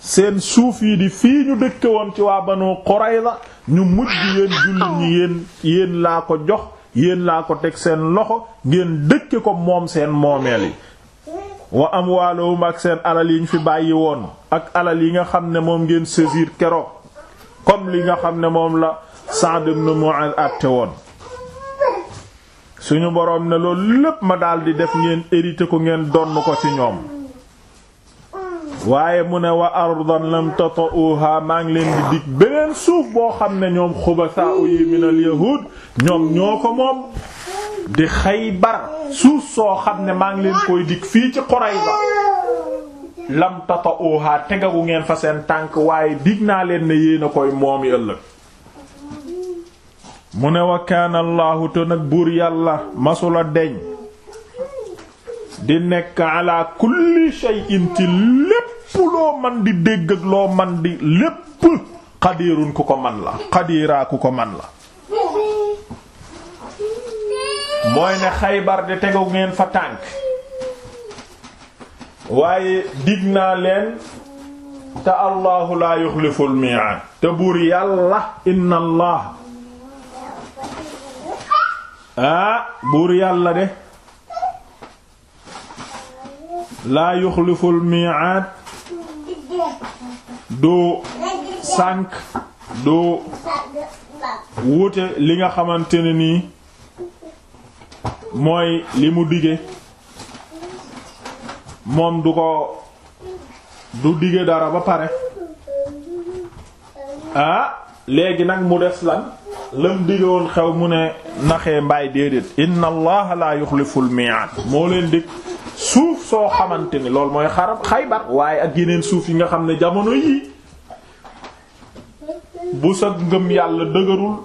seen suuf yi di fii ñu dëkke woon ci waa Banu Qurayza ñu mujj yéen jullit ñi yéen yéen laa ko jox yéen laa ko teg seen loxo ngeen dëkke ko moom seen moomeel yi wa amwaalahum ak seen alal yi ñu fi bàyyi woon ak alal yi nga xam ne moom ngeen saisir keroog comme li nga xam ne moom la Sa'd ibn Mu'adh àtte woon suñu boroom ne loolu lépp ma daldi def ngeen hérité ko ngeen donn ko ci ñoom waaye mu ne wa ardan lam tata'uha maa ngi leen di dig beneen suuf boo xam ne ñoom xubasa yi min al ñoom ñoo ko moom di xay Xaybar suuf soo xam ne maa ngi leen koy dig fii ci Qurayza lam tata'uha tegagu ngeen fa seen tànk waaye dig naa leen ne yéen a koy moomi ëllëg mu ne wa kaana allahu te nag buur yàlla masula deñ di nekk ala kulli shay'in ci lépp loo man di dégg loo man di lépp xadiirun ku ko man la xadiiraa ku ko man la mooy ne xaybar de tegu ngeen fa tànk waaye dig naa leen te allahu laa yuxliful mi'aad te buur yàlla inna allah ah buur yàlla de laa yuxliful mi'aad doo sànk doo wuute li nga xamante ne nii mooy li mu dige moom du ko du dige dara ba pare ah léegi nag mu des la lam digoon xew mu ne naxee mbaay déedéet inna allaha la yuxliful mi'ad moo leen dig suuf soo xamante ni lool mooy xarab xaybar waaye ak yeneen suuf yi nga xam ne jamono yii bu sa ngëm yàlla dëgërul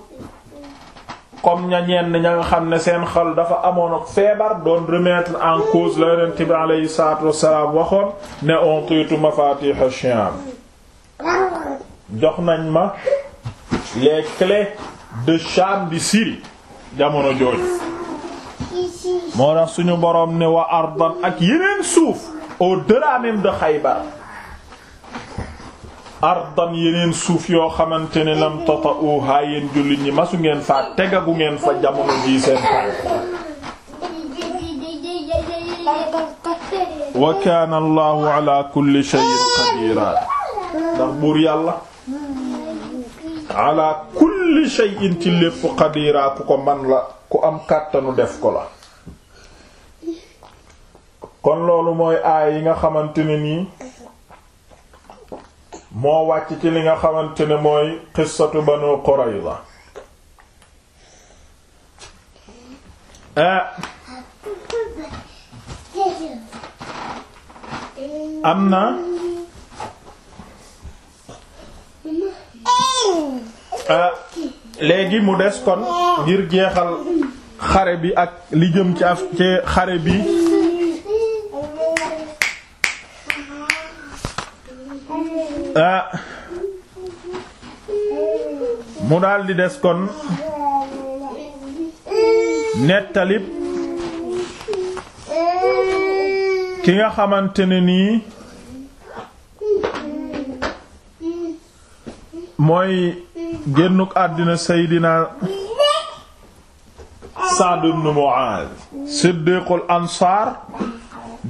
comme ña ñenn ña nga xam ne seen xal dafa amoon ak feebar doon remettre en cause la yonent bi alayhi salaatu wassalaam waxoon ne ontiitu mafatih ash jox nañ ma les clés de Sham di Syrie jamono jooju moo tax suñu boroom ne wa ardan ak yeneen suuf au-delà même Xaybar ardan yeneen suuf yoo xamante ne lam tata'uha yéen jullit ñi masu ngeen faa tegagu ngeen fa jamono ji seen wa kaana Allahu ala kulli shay'in qadiira ndax buur yàlla ala kulli shay'in ci lépp qadira ko man la ku am kàttanu def ko la kon loolu mooy aay yi nga xamante ne nii moo wàcc ci li nga xamante ne mooy qissatu banu la eh, am na Ah, léegi mu des kon ngir jeexal xare bi ak li jëm ci af ci xare bi ah, mu daldi des kon nettalib ki nga xamante ne nii mooy génnuk àddina seydina Sa'd ibn Mu'adh siddiqul ansaar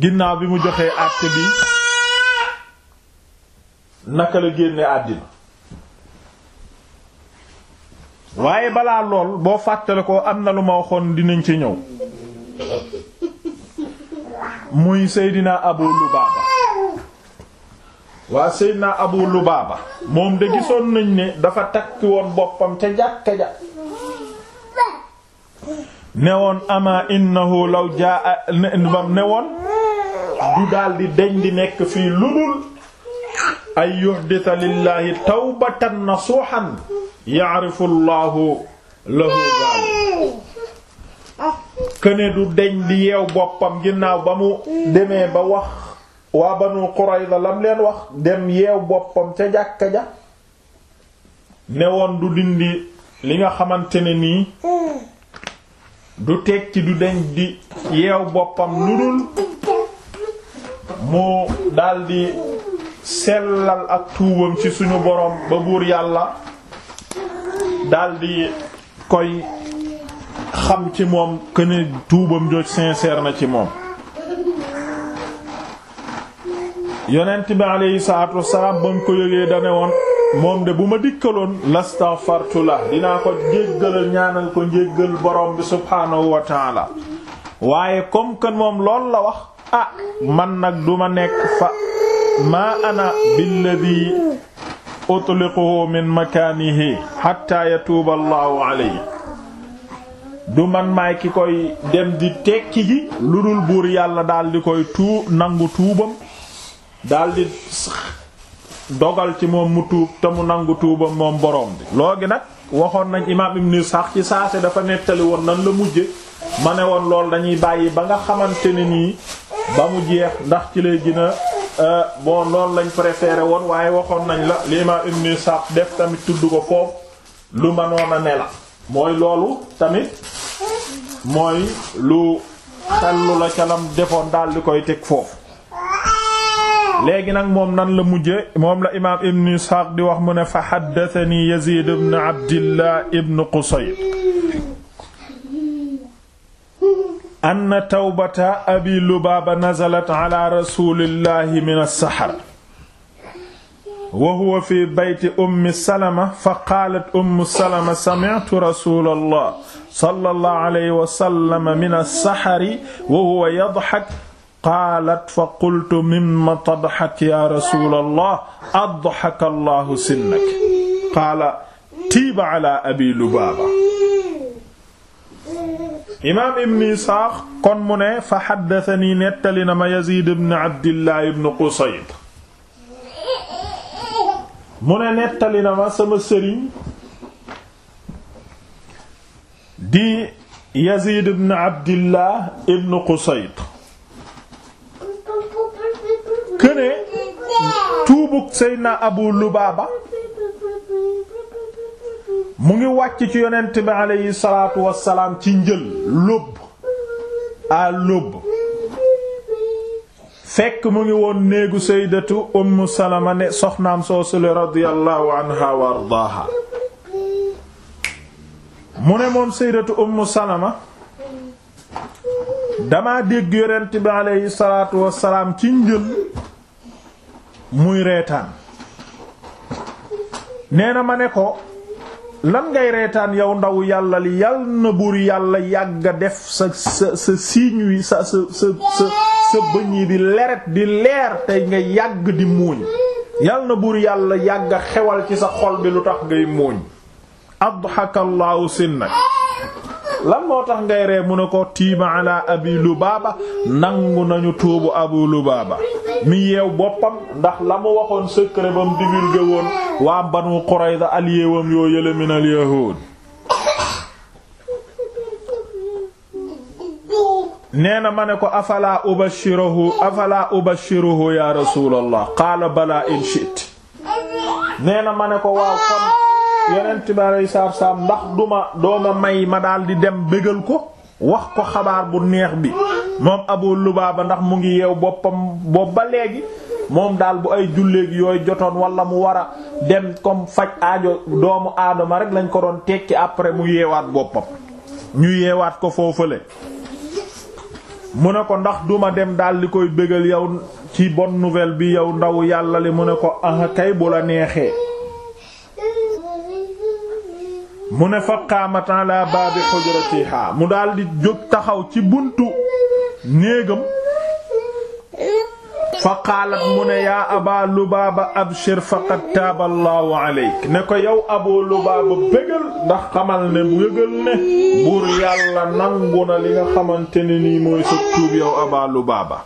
ginnaaw bi mu joxee àtte bi naka la génne àddina waaye balaa lool boo fàttale ko am na lu ma waxoon dinañ ci ñëw muy seydina Abu baax waa Seydina Abu Lubaaba moom de gisoon nañ ni dafa takki woon boppam ca jàkka ja ne woon ama innahu law jaa ne woon du daal deñ di nekk fii ludul ay yuhdita lillahi tawbatan nasuhan ya'rifu llahu lahu kene du deñ di yeew boppam ginnaaw ba mu demee ba wax waa banu la lam leen wax dem yeew boppam ca jàkka ja ne woon du dindi li nga xamante ne nii du tekki du deñ di yeew boppam lu dul mu daldi sellal ak tuubam ci suñu boroom ba buur yàlla daldi koy xam ci moom këne tuubam jooj sincère na ci moom yonent bi aleyhi salaatu wasalaam ba mu ko yëgee dane woon moom de bu ma dikkaloon lastaghfartu la dina ko jéggalal ñaanal ko njéggal borom bi subhaanahu wa taala waaye comme moom lool la wax ah man nag du ma nekk fa maa ana billadi utliquhu min makaanihi hatta yatuuba allahu du man maay ki koy dem di tekki lu dul buur yàlla daal koy tuu nangu tuubam daldi dogal ci moom mu tuub te mu nangu tuubam moom boroom bi loogi nag waxoon nañ imaam ibn Isxaaq ci saase dafa nettali woon nan la mujje ma ne woon lool dañuy bàyyi ba nga xamante ne nii ba mu jeex ndax ci lay gën a euh, bon loolu lañ préféré woon waaye waxoon nañ la li imaam ibn Isxaaq def tamit tudd ko foofu lu mënoon a ne la mooy loolu tamit mooy lu xellu la calam defoon daal di koy teg foofu léegi nag moom nan la mujje moom la imaam ibn Isxaaq di wax mu ne fa haddathani Yazid ibn Abdillah ibn Qusay anna tawbata abi Lubaaba nazalat ala rasulillahi min as-sahar wa huwa fi bayti ummi Salama fa qaalat ummu Salama sami'tu rasulallah sallallahu alayhi wa sallam min as-sahari wa huwa yadhak qaalat fa qultu mimma tadxak ya rasulallah adxaka allahu sinnak qaala tiiba ala abi lubaaba imaam ibn isxaaq kon mu ne fa xaddatani nettali na ma yazid ibn abdillah ibn qusayd mu ne nettali na ma sama sëriñ di yazid ibn abdillah ibn qusayd këne tuubug Seydina Abu Lubaaba mu ngi wàcc ci yonent bi aleyhi salaatu wassalaam ci njël lóbb à lóbb fekk mu ngi woon néegu saydatu umm salama ne soxnaam soosule radiyallahu anha wa ardaaha mu ne moom saydatu umm salama dama dégg yonent bi aleyhi wassalaam ci njël muy reetaan nee na ma ne ko lan ngay reetaan yow ndaw yàlla li yal na buur yàlla yàgga def sa sa sa siiñ sa sa sa sa sa bëñ yi di leret di leer tey nga yàgg di muuñ yàlla na buur yàlla yàgga xewal ci sa xol bi lu tax ngay muuñ adhaka allahu sinnak lan moo tax ngay ree mu ne ko tiiba ala abi lubaaba nangu nañu tuubu abu lubaaba mi yeew boppam ndax la waxoon secret ba mu divulgué woon waa banu qurayda aliyeewam yoo yële min al nee na ma ne ko afala ubashiruhu afala ubashiruhu ya rasulallah qaala balaa in shi't nee na ma ne ko waaw kon yonent bi aleyhi salaatu salaam ndax duma dooma may ma daal di dem bégal ko wax ko xabaar bu neex bi moom Abu Lubaaba ndax mu ngi yeew boppam bopp ba léegi moom daal bu ay julleegi yooyu jotoon walla mu war a dem comme faj aajo doomu aadama rek lañ ko doon tekki après mu yeewaat boppam ñu yeewaat ko foofale mu ne ko ndax duma dem daal di koy bégal yow ci bon nouvelle bi yow ndawu yàlla li mu ne ko ah kay bu la neexee mu ne fa qaamat baabi xujratiha mu daldi di jóg taxaw ci buntu néegam fa qaalat mu ne yaa aba lubaaba abshir faqad taaba allahu aleyk ne ko yow abu lubaaba bégal ndax xamal ne yëgal ne buur yàlla nangu na li nga xamante ne nii mooy sa tuub yow aba lubaaba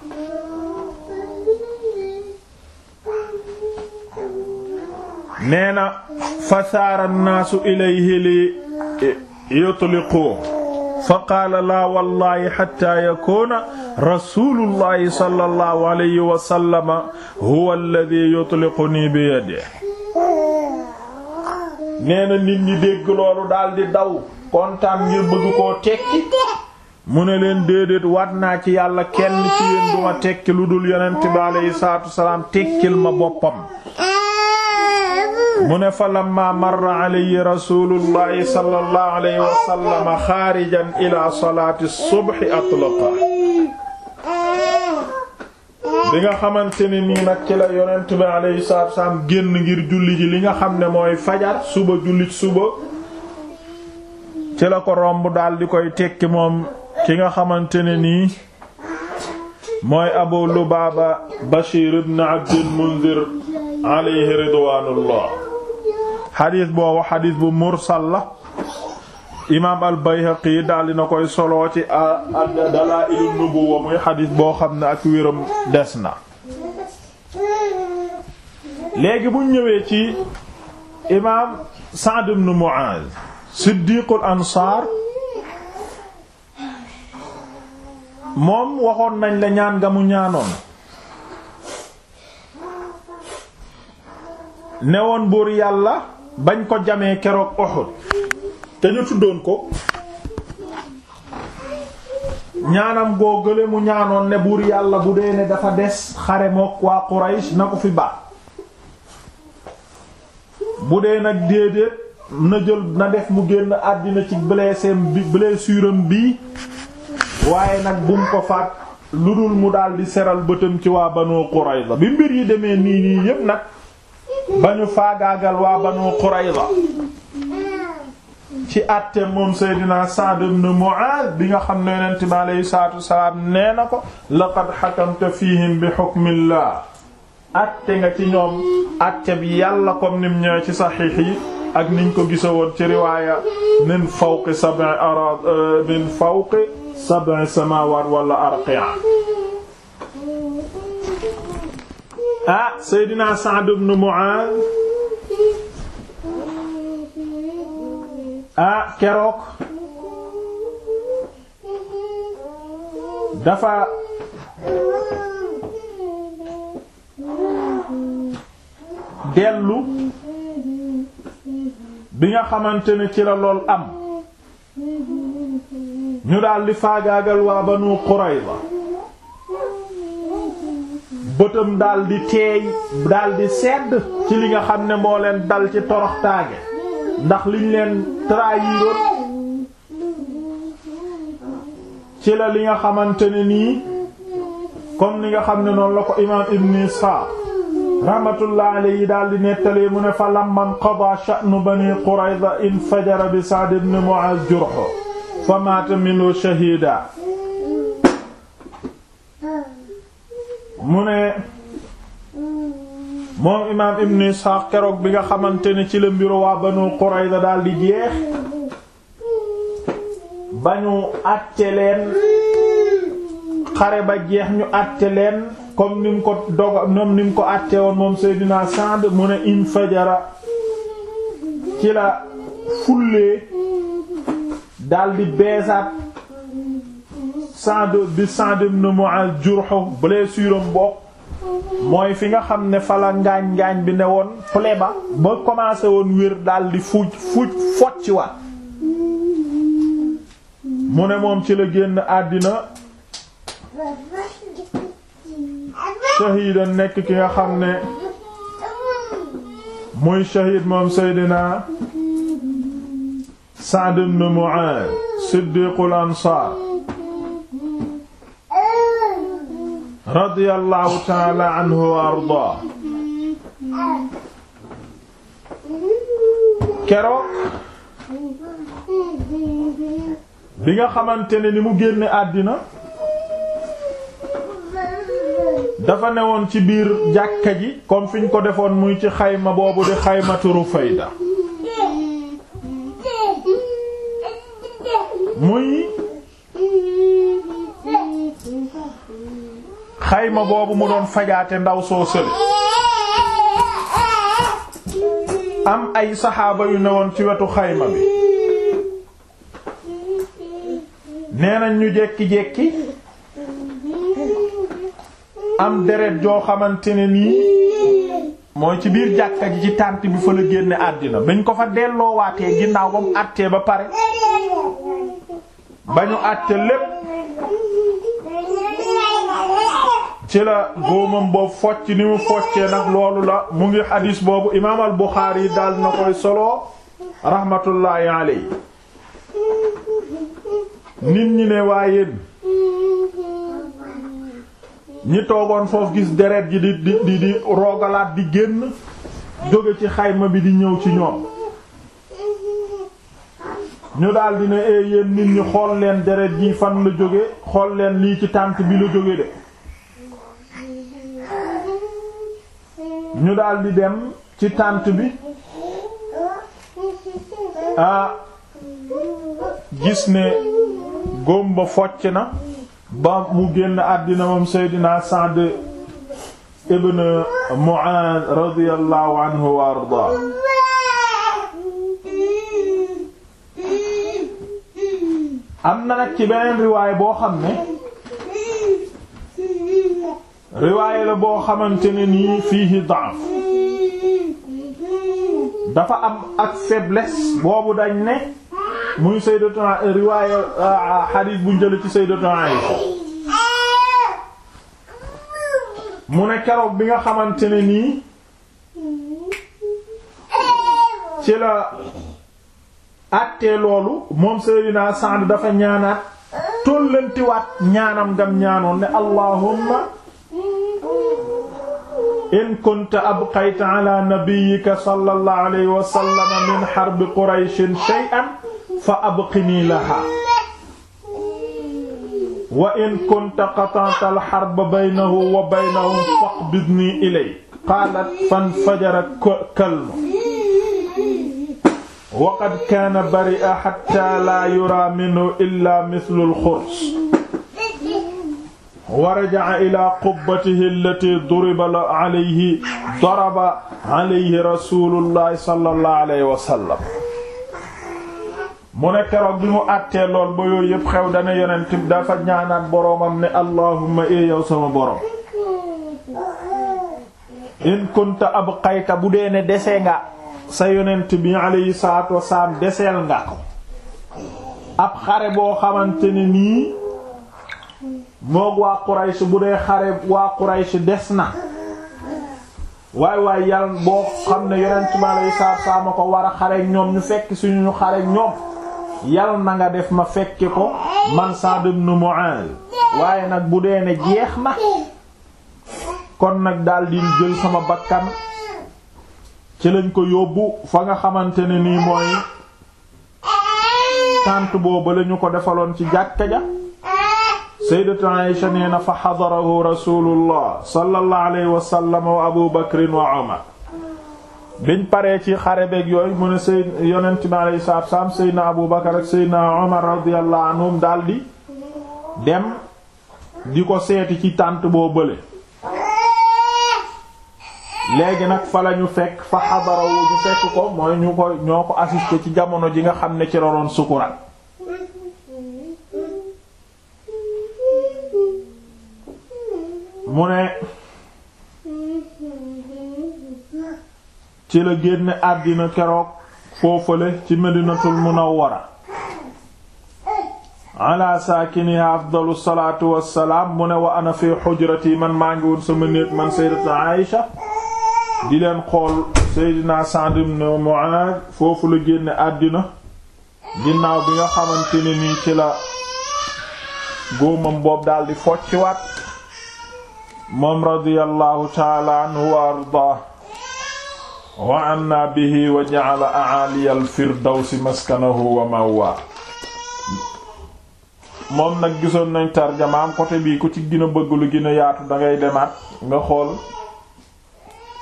nee na fa saara nnaasu ilayhi li yutliqu fa qaala laa wallahi xatta yakuuna rasulullahi sallallahu alayhi wa huwa alladi yutliquni bi yadihi nee na nit ñi dégg loolu daal daw kontaan ngir bëgg koo tekki mu ne leen déedéet waat naa ci yàlla kenn ci tekki lu dul yonent bi alayhi salaatu wasalaam tekkil ma boppam mu ne fa lamma marra alayhi rasulullahi sallallahu alayhi wa sallam xaarijan ila salaati subhi atlaqa bi nga xamante ni nii nag ci la yonent bi alayhi salaam génn ngir julli ji li nga xam ne mooy fajar suba jullit suba ci la ko romb daal koy tekki moom ki nga xamante ne nii mooy Abu lu Bashir ibn Abdul Munzir alayhi ridwaanullah xadiis boobu xadiis bu mursal la imaam al-Bayhaqi na koy solo ci Dalaa'ilun Nubuwwa muy xadiis boo xam ne ak wéram des na léegi buñ ñëwee ci imaam Sa'd ibn Mu'aaz siddiqul ansaar moom waxoon nañ la ñaan nga mu ñaanoon newoon buur yàlla bañ ko jamee keroog Uhud te ñu tuddoon ko ñaanam goo gële mu ñaanoon ne buur yàlla bu dee ne dafa des xare mook waa Quraysh na ko fi baax bu dee nag déedéet na jël na def mu génn àddina ci blessé bi waaye nag bu mu ko faat lu dul mu daldi seral bëtam ci waa Banu Qurayza bi mbir yi demee nii nii yépp nag bañu ñu faagaagal waa Banu Qurayza ci àtte moom Seydina Sa'd ibn Mu'adh bi nga xam ne yonent bi aleyhi salaatu ko laqad hakamta fiihim bi hukmillah àtte nga ci ñoom àtte bi yàlla ko nim ñëwee ci saxiix yi ak niñ ko gisa ci riwaaya min fawqi sab'i samaawaat wala arqi'a ah Seydina Sa'd ibn Mu'adh ah keroog dafa dellu bi nga xamante ne ci la lool am ñu daldi faagaagal waa Banu Qurayza bëtam daal di teey daal sedd ci li nga xam ne moo leen dal ci toroxtaange ndax liñ leen trahiroon ci la li nga xamante ne nii kon li nga xam ne noonu la ko imaam Ibn Ishaq rahmatullah alayhi daal di nettalee mu ne fa lamman qada sha'nu bani Qurayza infajara bi Sa'd ibn Mu'az jurhu fa maata minhu shahida mu ne moom imaam ibn Isxaaq keroog bi nga xamante ne ci la mbiru waa Banu Qurayza daal di jeex ba ñu àtte leen xare ba jeex ñu àtte leen comme ni mu ko dog ñoom ni mu ko àtte woon moom Seydina Sa'd mu ne infajara ci la fullee daldi di beesaat Sa'd bi Sa'd ibn Mu'az jurhu blessure bokk mooy fi nga xam ne fala ngaañ-ngaañ bi ne woon plaie ba ba commencé woon wér daldi fuuj fuuj focci waat mu ne moom ci la génn àddina shahida nekk ki nga xam ne muy shahid moom Seydina Sa'd radiyallahu taala anhu wa ardaa keroog bi nga xamante ne ni mu génne àddina dafa newoon ci biir jàkka ji comme fi ñu ko defoon muy ci xayma boobu di xaymatu Rufayda muy xayma boobu mu doon fajaate ndaw soo sële am ay saxaaba yu newoon ci wetu xayma bi nee nañ ñu jekki-jekki am deret joo xamante ne nii mooy ci biir jàkka ji ci tànt bi fa la génne àddina bañ ko fa delloowaatee ginnaaw ba mu àttee ba pare ba ñu àtte lépp ci la góomam boobu focc ni mu foccee nag loolu la mu ngi xadiis boobu imaam al Buxaari yi daal na koy solo rahmatullaahi aley nit ñi ne waaye ñi toogoon foofu gis deret ji di di di roogalaat di génn jóge ci xayma bi di ñëw ci ñoom ñu daldi di ne ee eh, yéen nit ñi xool leen deret ji fan la jóge xool leen lii ci tànk bi la jóge de ñu daal di dem ci tànt bi ah gis ne góomba focc na ba mu génn àddina moom Seydina Sa'd ibn Mu'adh radiyallahu anhu wa ardaa am na nag ci beneen riwaay boo xam ne riwaaya la boo xamante ne nii fiihi da'f dafa am ak faiblesse boobu dañ ne muy sayyidatuna riwaaya hadith euh, bu jël ci sayyidatuna Aisha mu ne keroog bi nga xamante ne nii ci la àttee loolu moom naa Sa'd dafa ñaanaat tollantiwaat ñaanam ngam ñaanoon ne allahumma in kunta abqayta ala nabiyyika sallallahu alayhi wa sallam min harbi qurayshin shay'an fa abqini laha wa in kunta qata'ta al-harba baynahu wa baynahum faqbidni ilayk qaalat fanfajara kalma wa qad kaana bari'a hatta la yura minhu illa mithlu al-khurs wa raja'a ila qubbatihi allati duriba alayhi daraba alayhi rasulullahi sallallahu alayhi wa sallam mu ne keroog bi mu àttee lool ba yooyu yépp xew dana yonent dafa ñaanaat boroomam ne allahumma ee yow sama boroom in kunta abqayta bu dee ne dese nga sa yonent bi alayhi salaatu wasalaam deseel nga ko ab xare boo xamante ne nii moog waa Quraysh bu dee xare waa Quraysh des na waay waay yàlla boo xam ne yonent bi alayhi saa salaam ma ko war a xare ñoom ñu fekk suñu xare ñoom yàlla na nga def ma fekke ko man Sa'd ibn Mu'adh waaye nag bu dee ne jeex na kon nag daal jël sama bakkan ci lañ ko yóbbu fa nga xamante ne nii mooy tànt boobu la ñu ko defaloon ci jàkka ja sayyidatu Aysha nee na fa xadarahu rasulullah sallallahu alayhi wa sallam wa abu bakrin wa umar biñ paree ci xare beeg yooyu mu ne sayyid yonent bi alayhi salaatu wa abu bakar ak sayyidina radiyallahu anhum daldi dem di ko seeti ci tànt boo bële léegi nag fa lañu fekk fa xadarahu di fekk ko mooy ñu ko ñoo ko assisté ci jamono ji nga xam ne ci la doon sukuraat mu ne ci la génn àddina keroog foofale ci medinatul munawwara ala saakiniha afdalu salaatu wassalaam mu ne wa ana fi xujrati man maa ngi woon sama néeg man sayyidatuna Aïsha di leen xool Seydina Sa'd ibn Mu'adh foofu la génn àddina ginnaaw bi nga xamante ne nii ci la góomam boobu daldi focciwaat moom radiyallahu taala anhu wa ardaa wa anna bihi wa ja'ala a'ali al-firdawsi maskanahu wa mawwa moom nag gisoon nañ tarjamaam côté bii ku ci gën a bëgg lu gën yaatu dangay demaat nga xool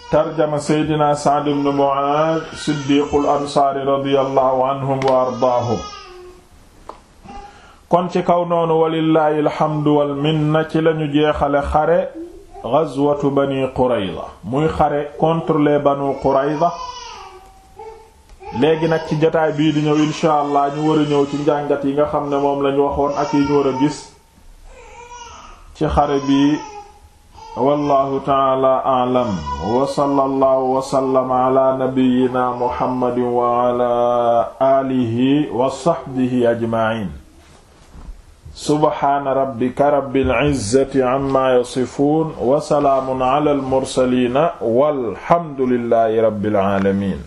tarjama seydina Sa'd ibn Mu'adh siddiqul ansaari radiyallahu wa ardaahum kon ci kaw noonu walillahi alhamdu wal minna ci lañu jeexale xare ghazwatu bani Qurayza muy xare contre les banu Qurayza léegi nag ci jataay bii di ñëw insha allah ñu war ñëw ci njàngat yi nga xam ne moom lañu waxoon ak yi ñu war a gis ci xare bi wallahu taala a'lam wa sallallahu wa sallama ala nabiyyina muhammadin wa ala wa sahbihi ajma'in subhaana rabbika rabbil izzati amma yasifuun wa salaamun alal mursaliina walhamdulillahi rabbil aalamiin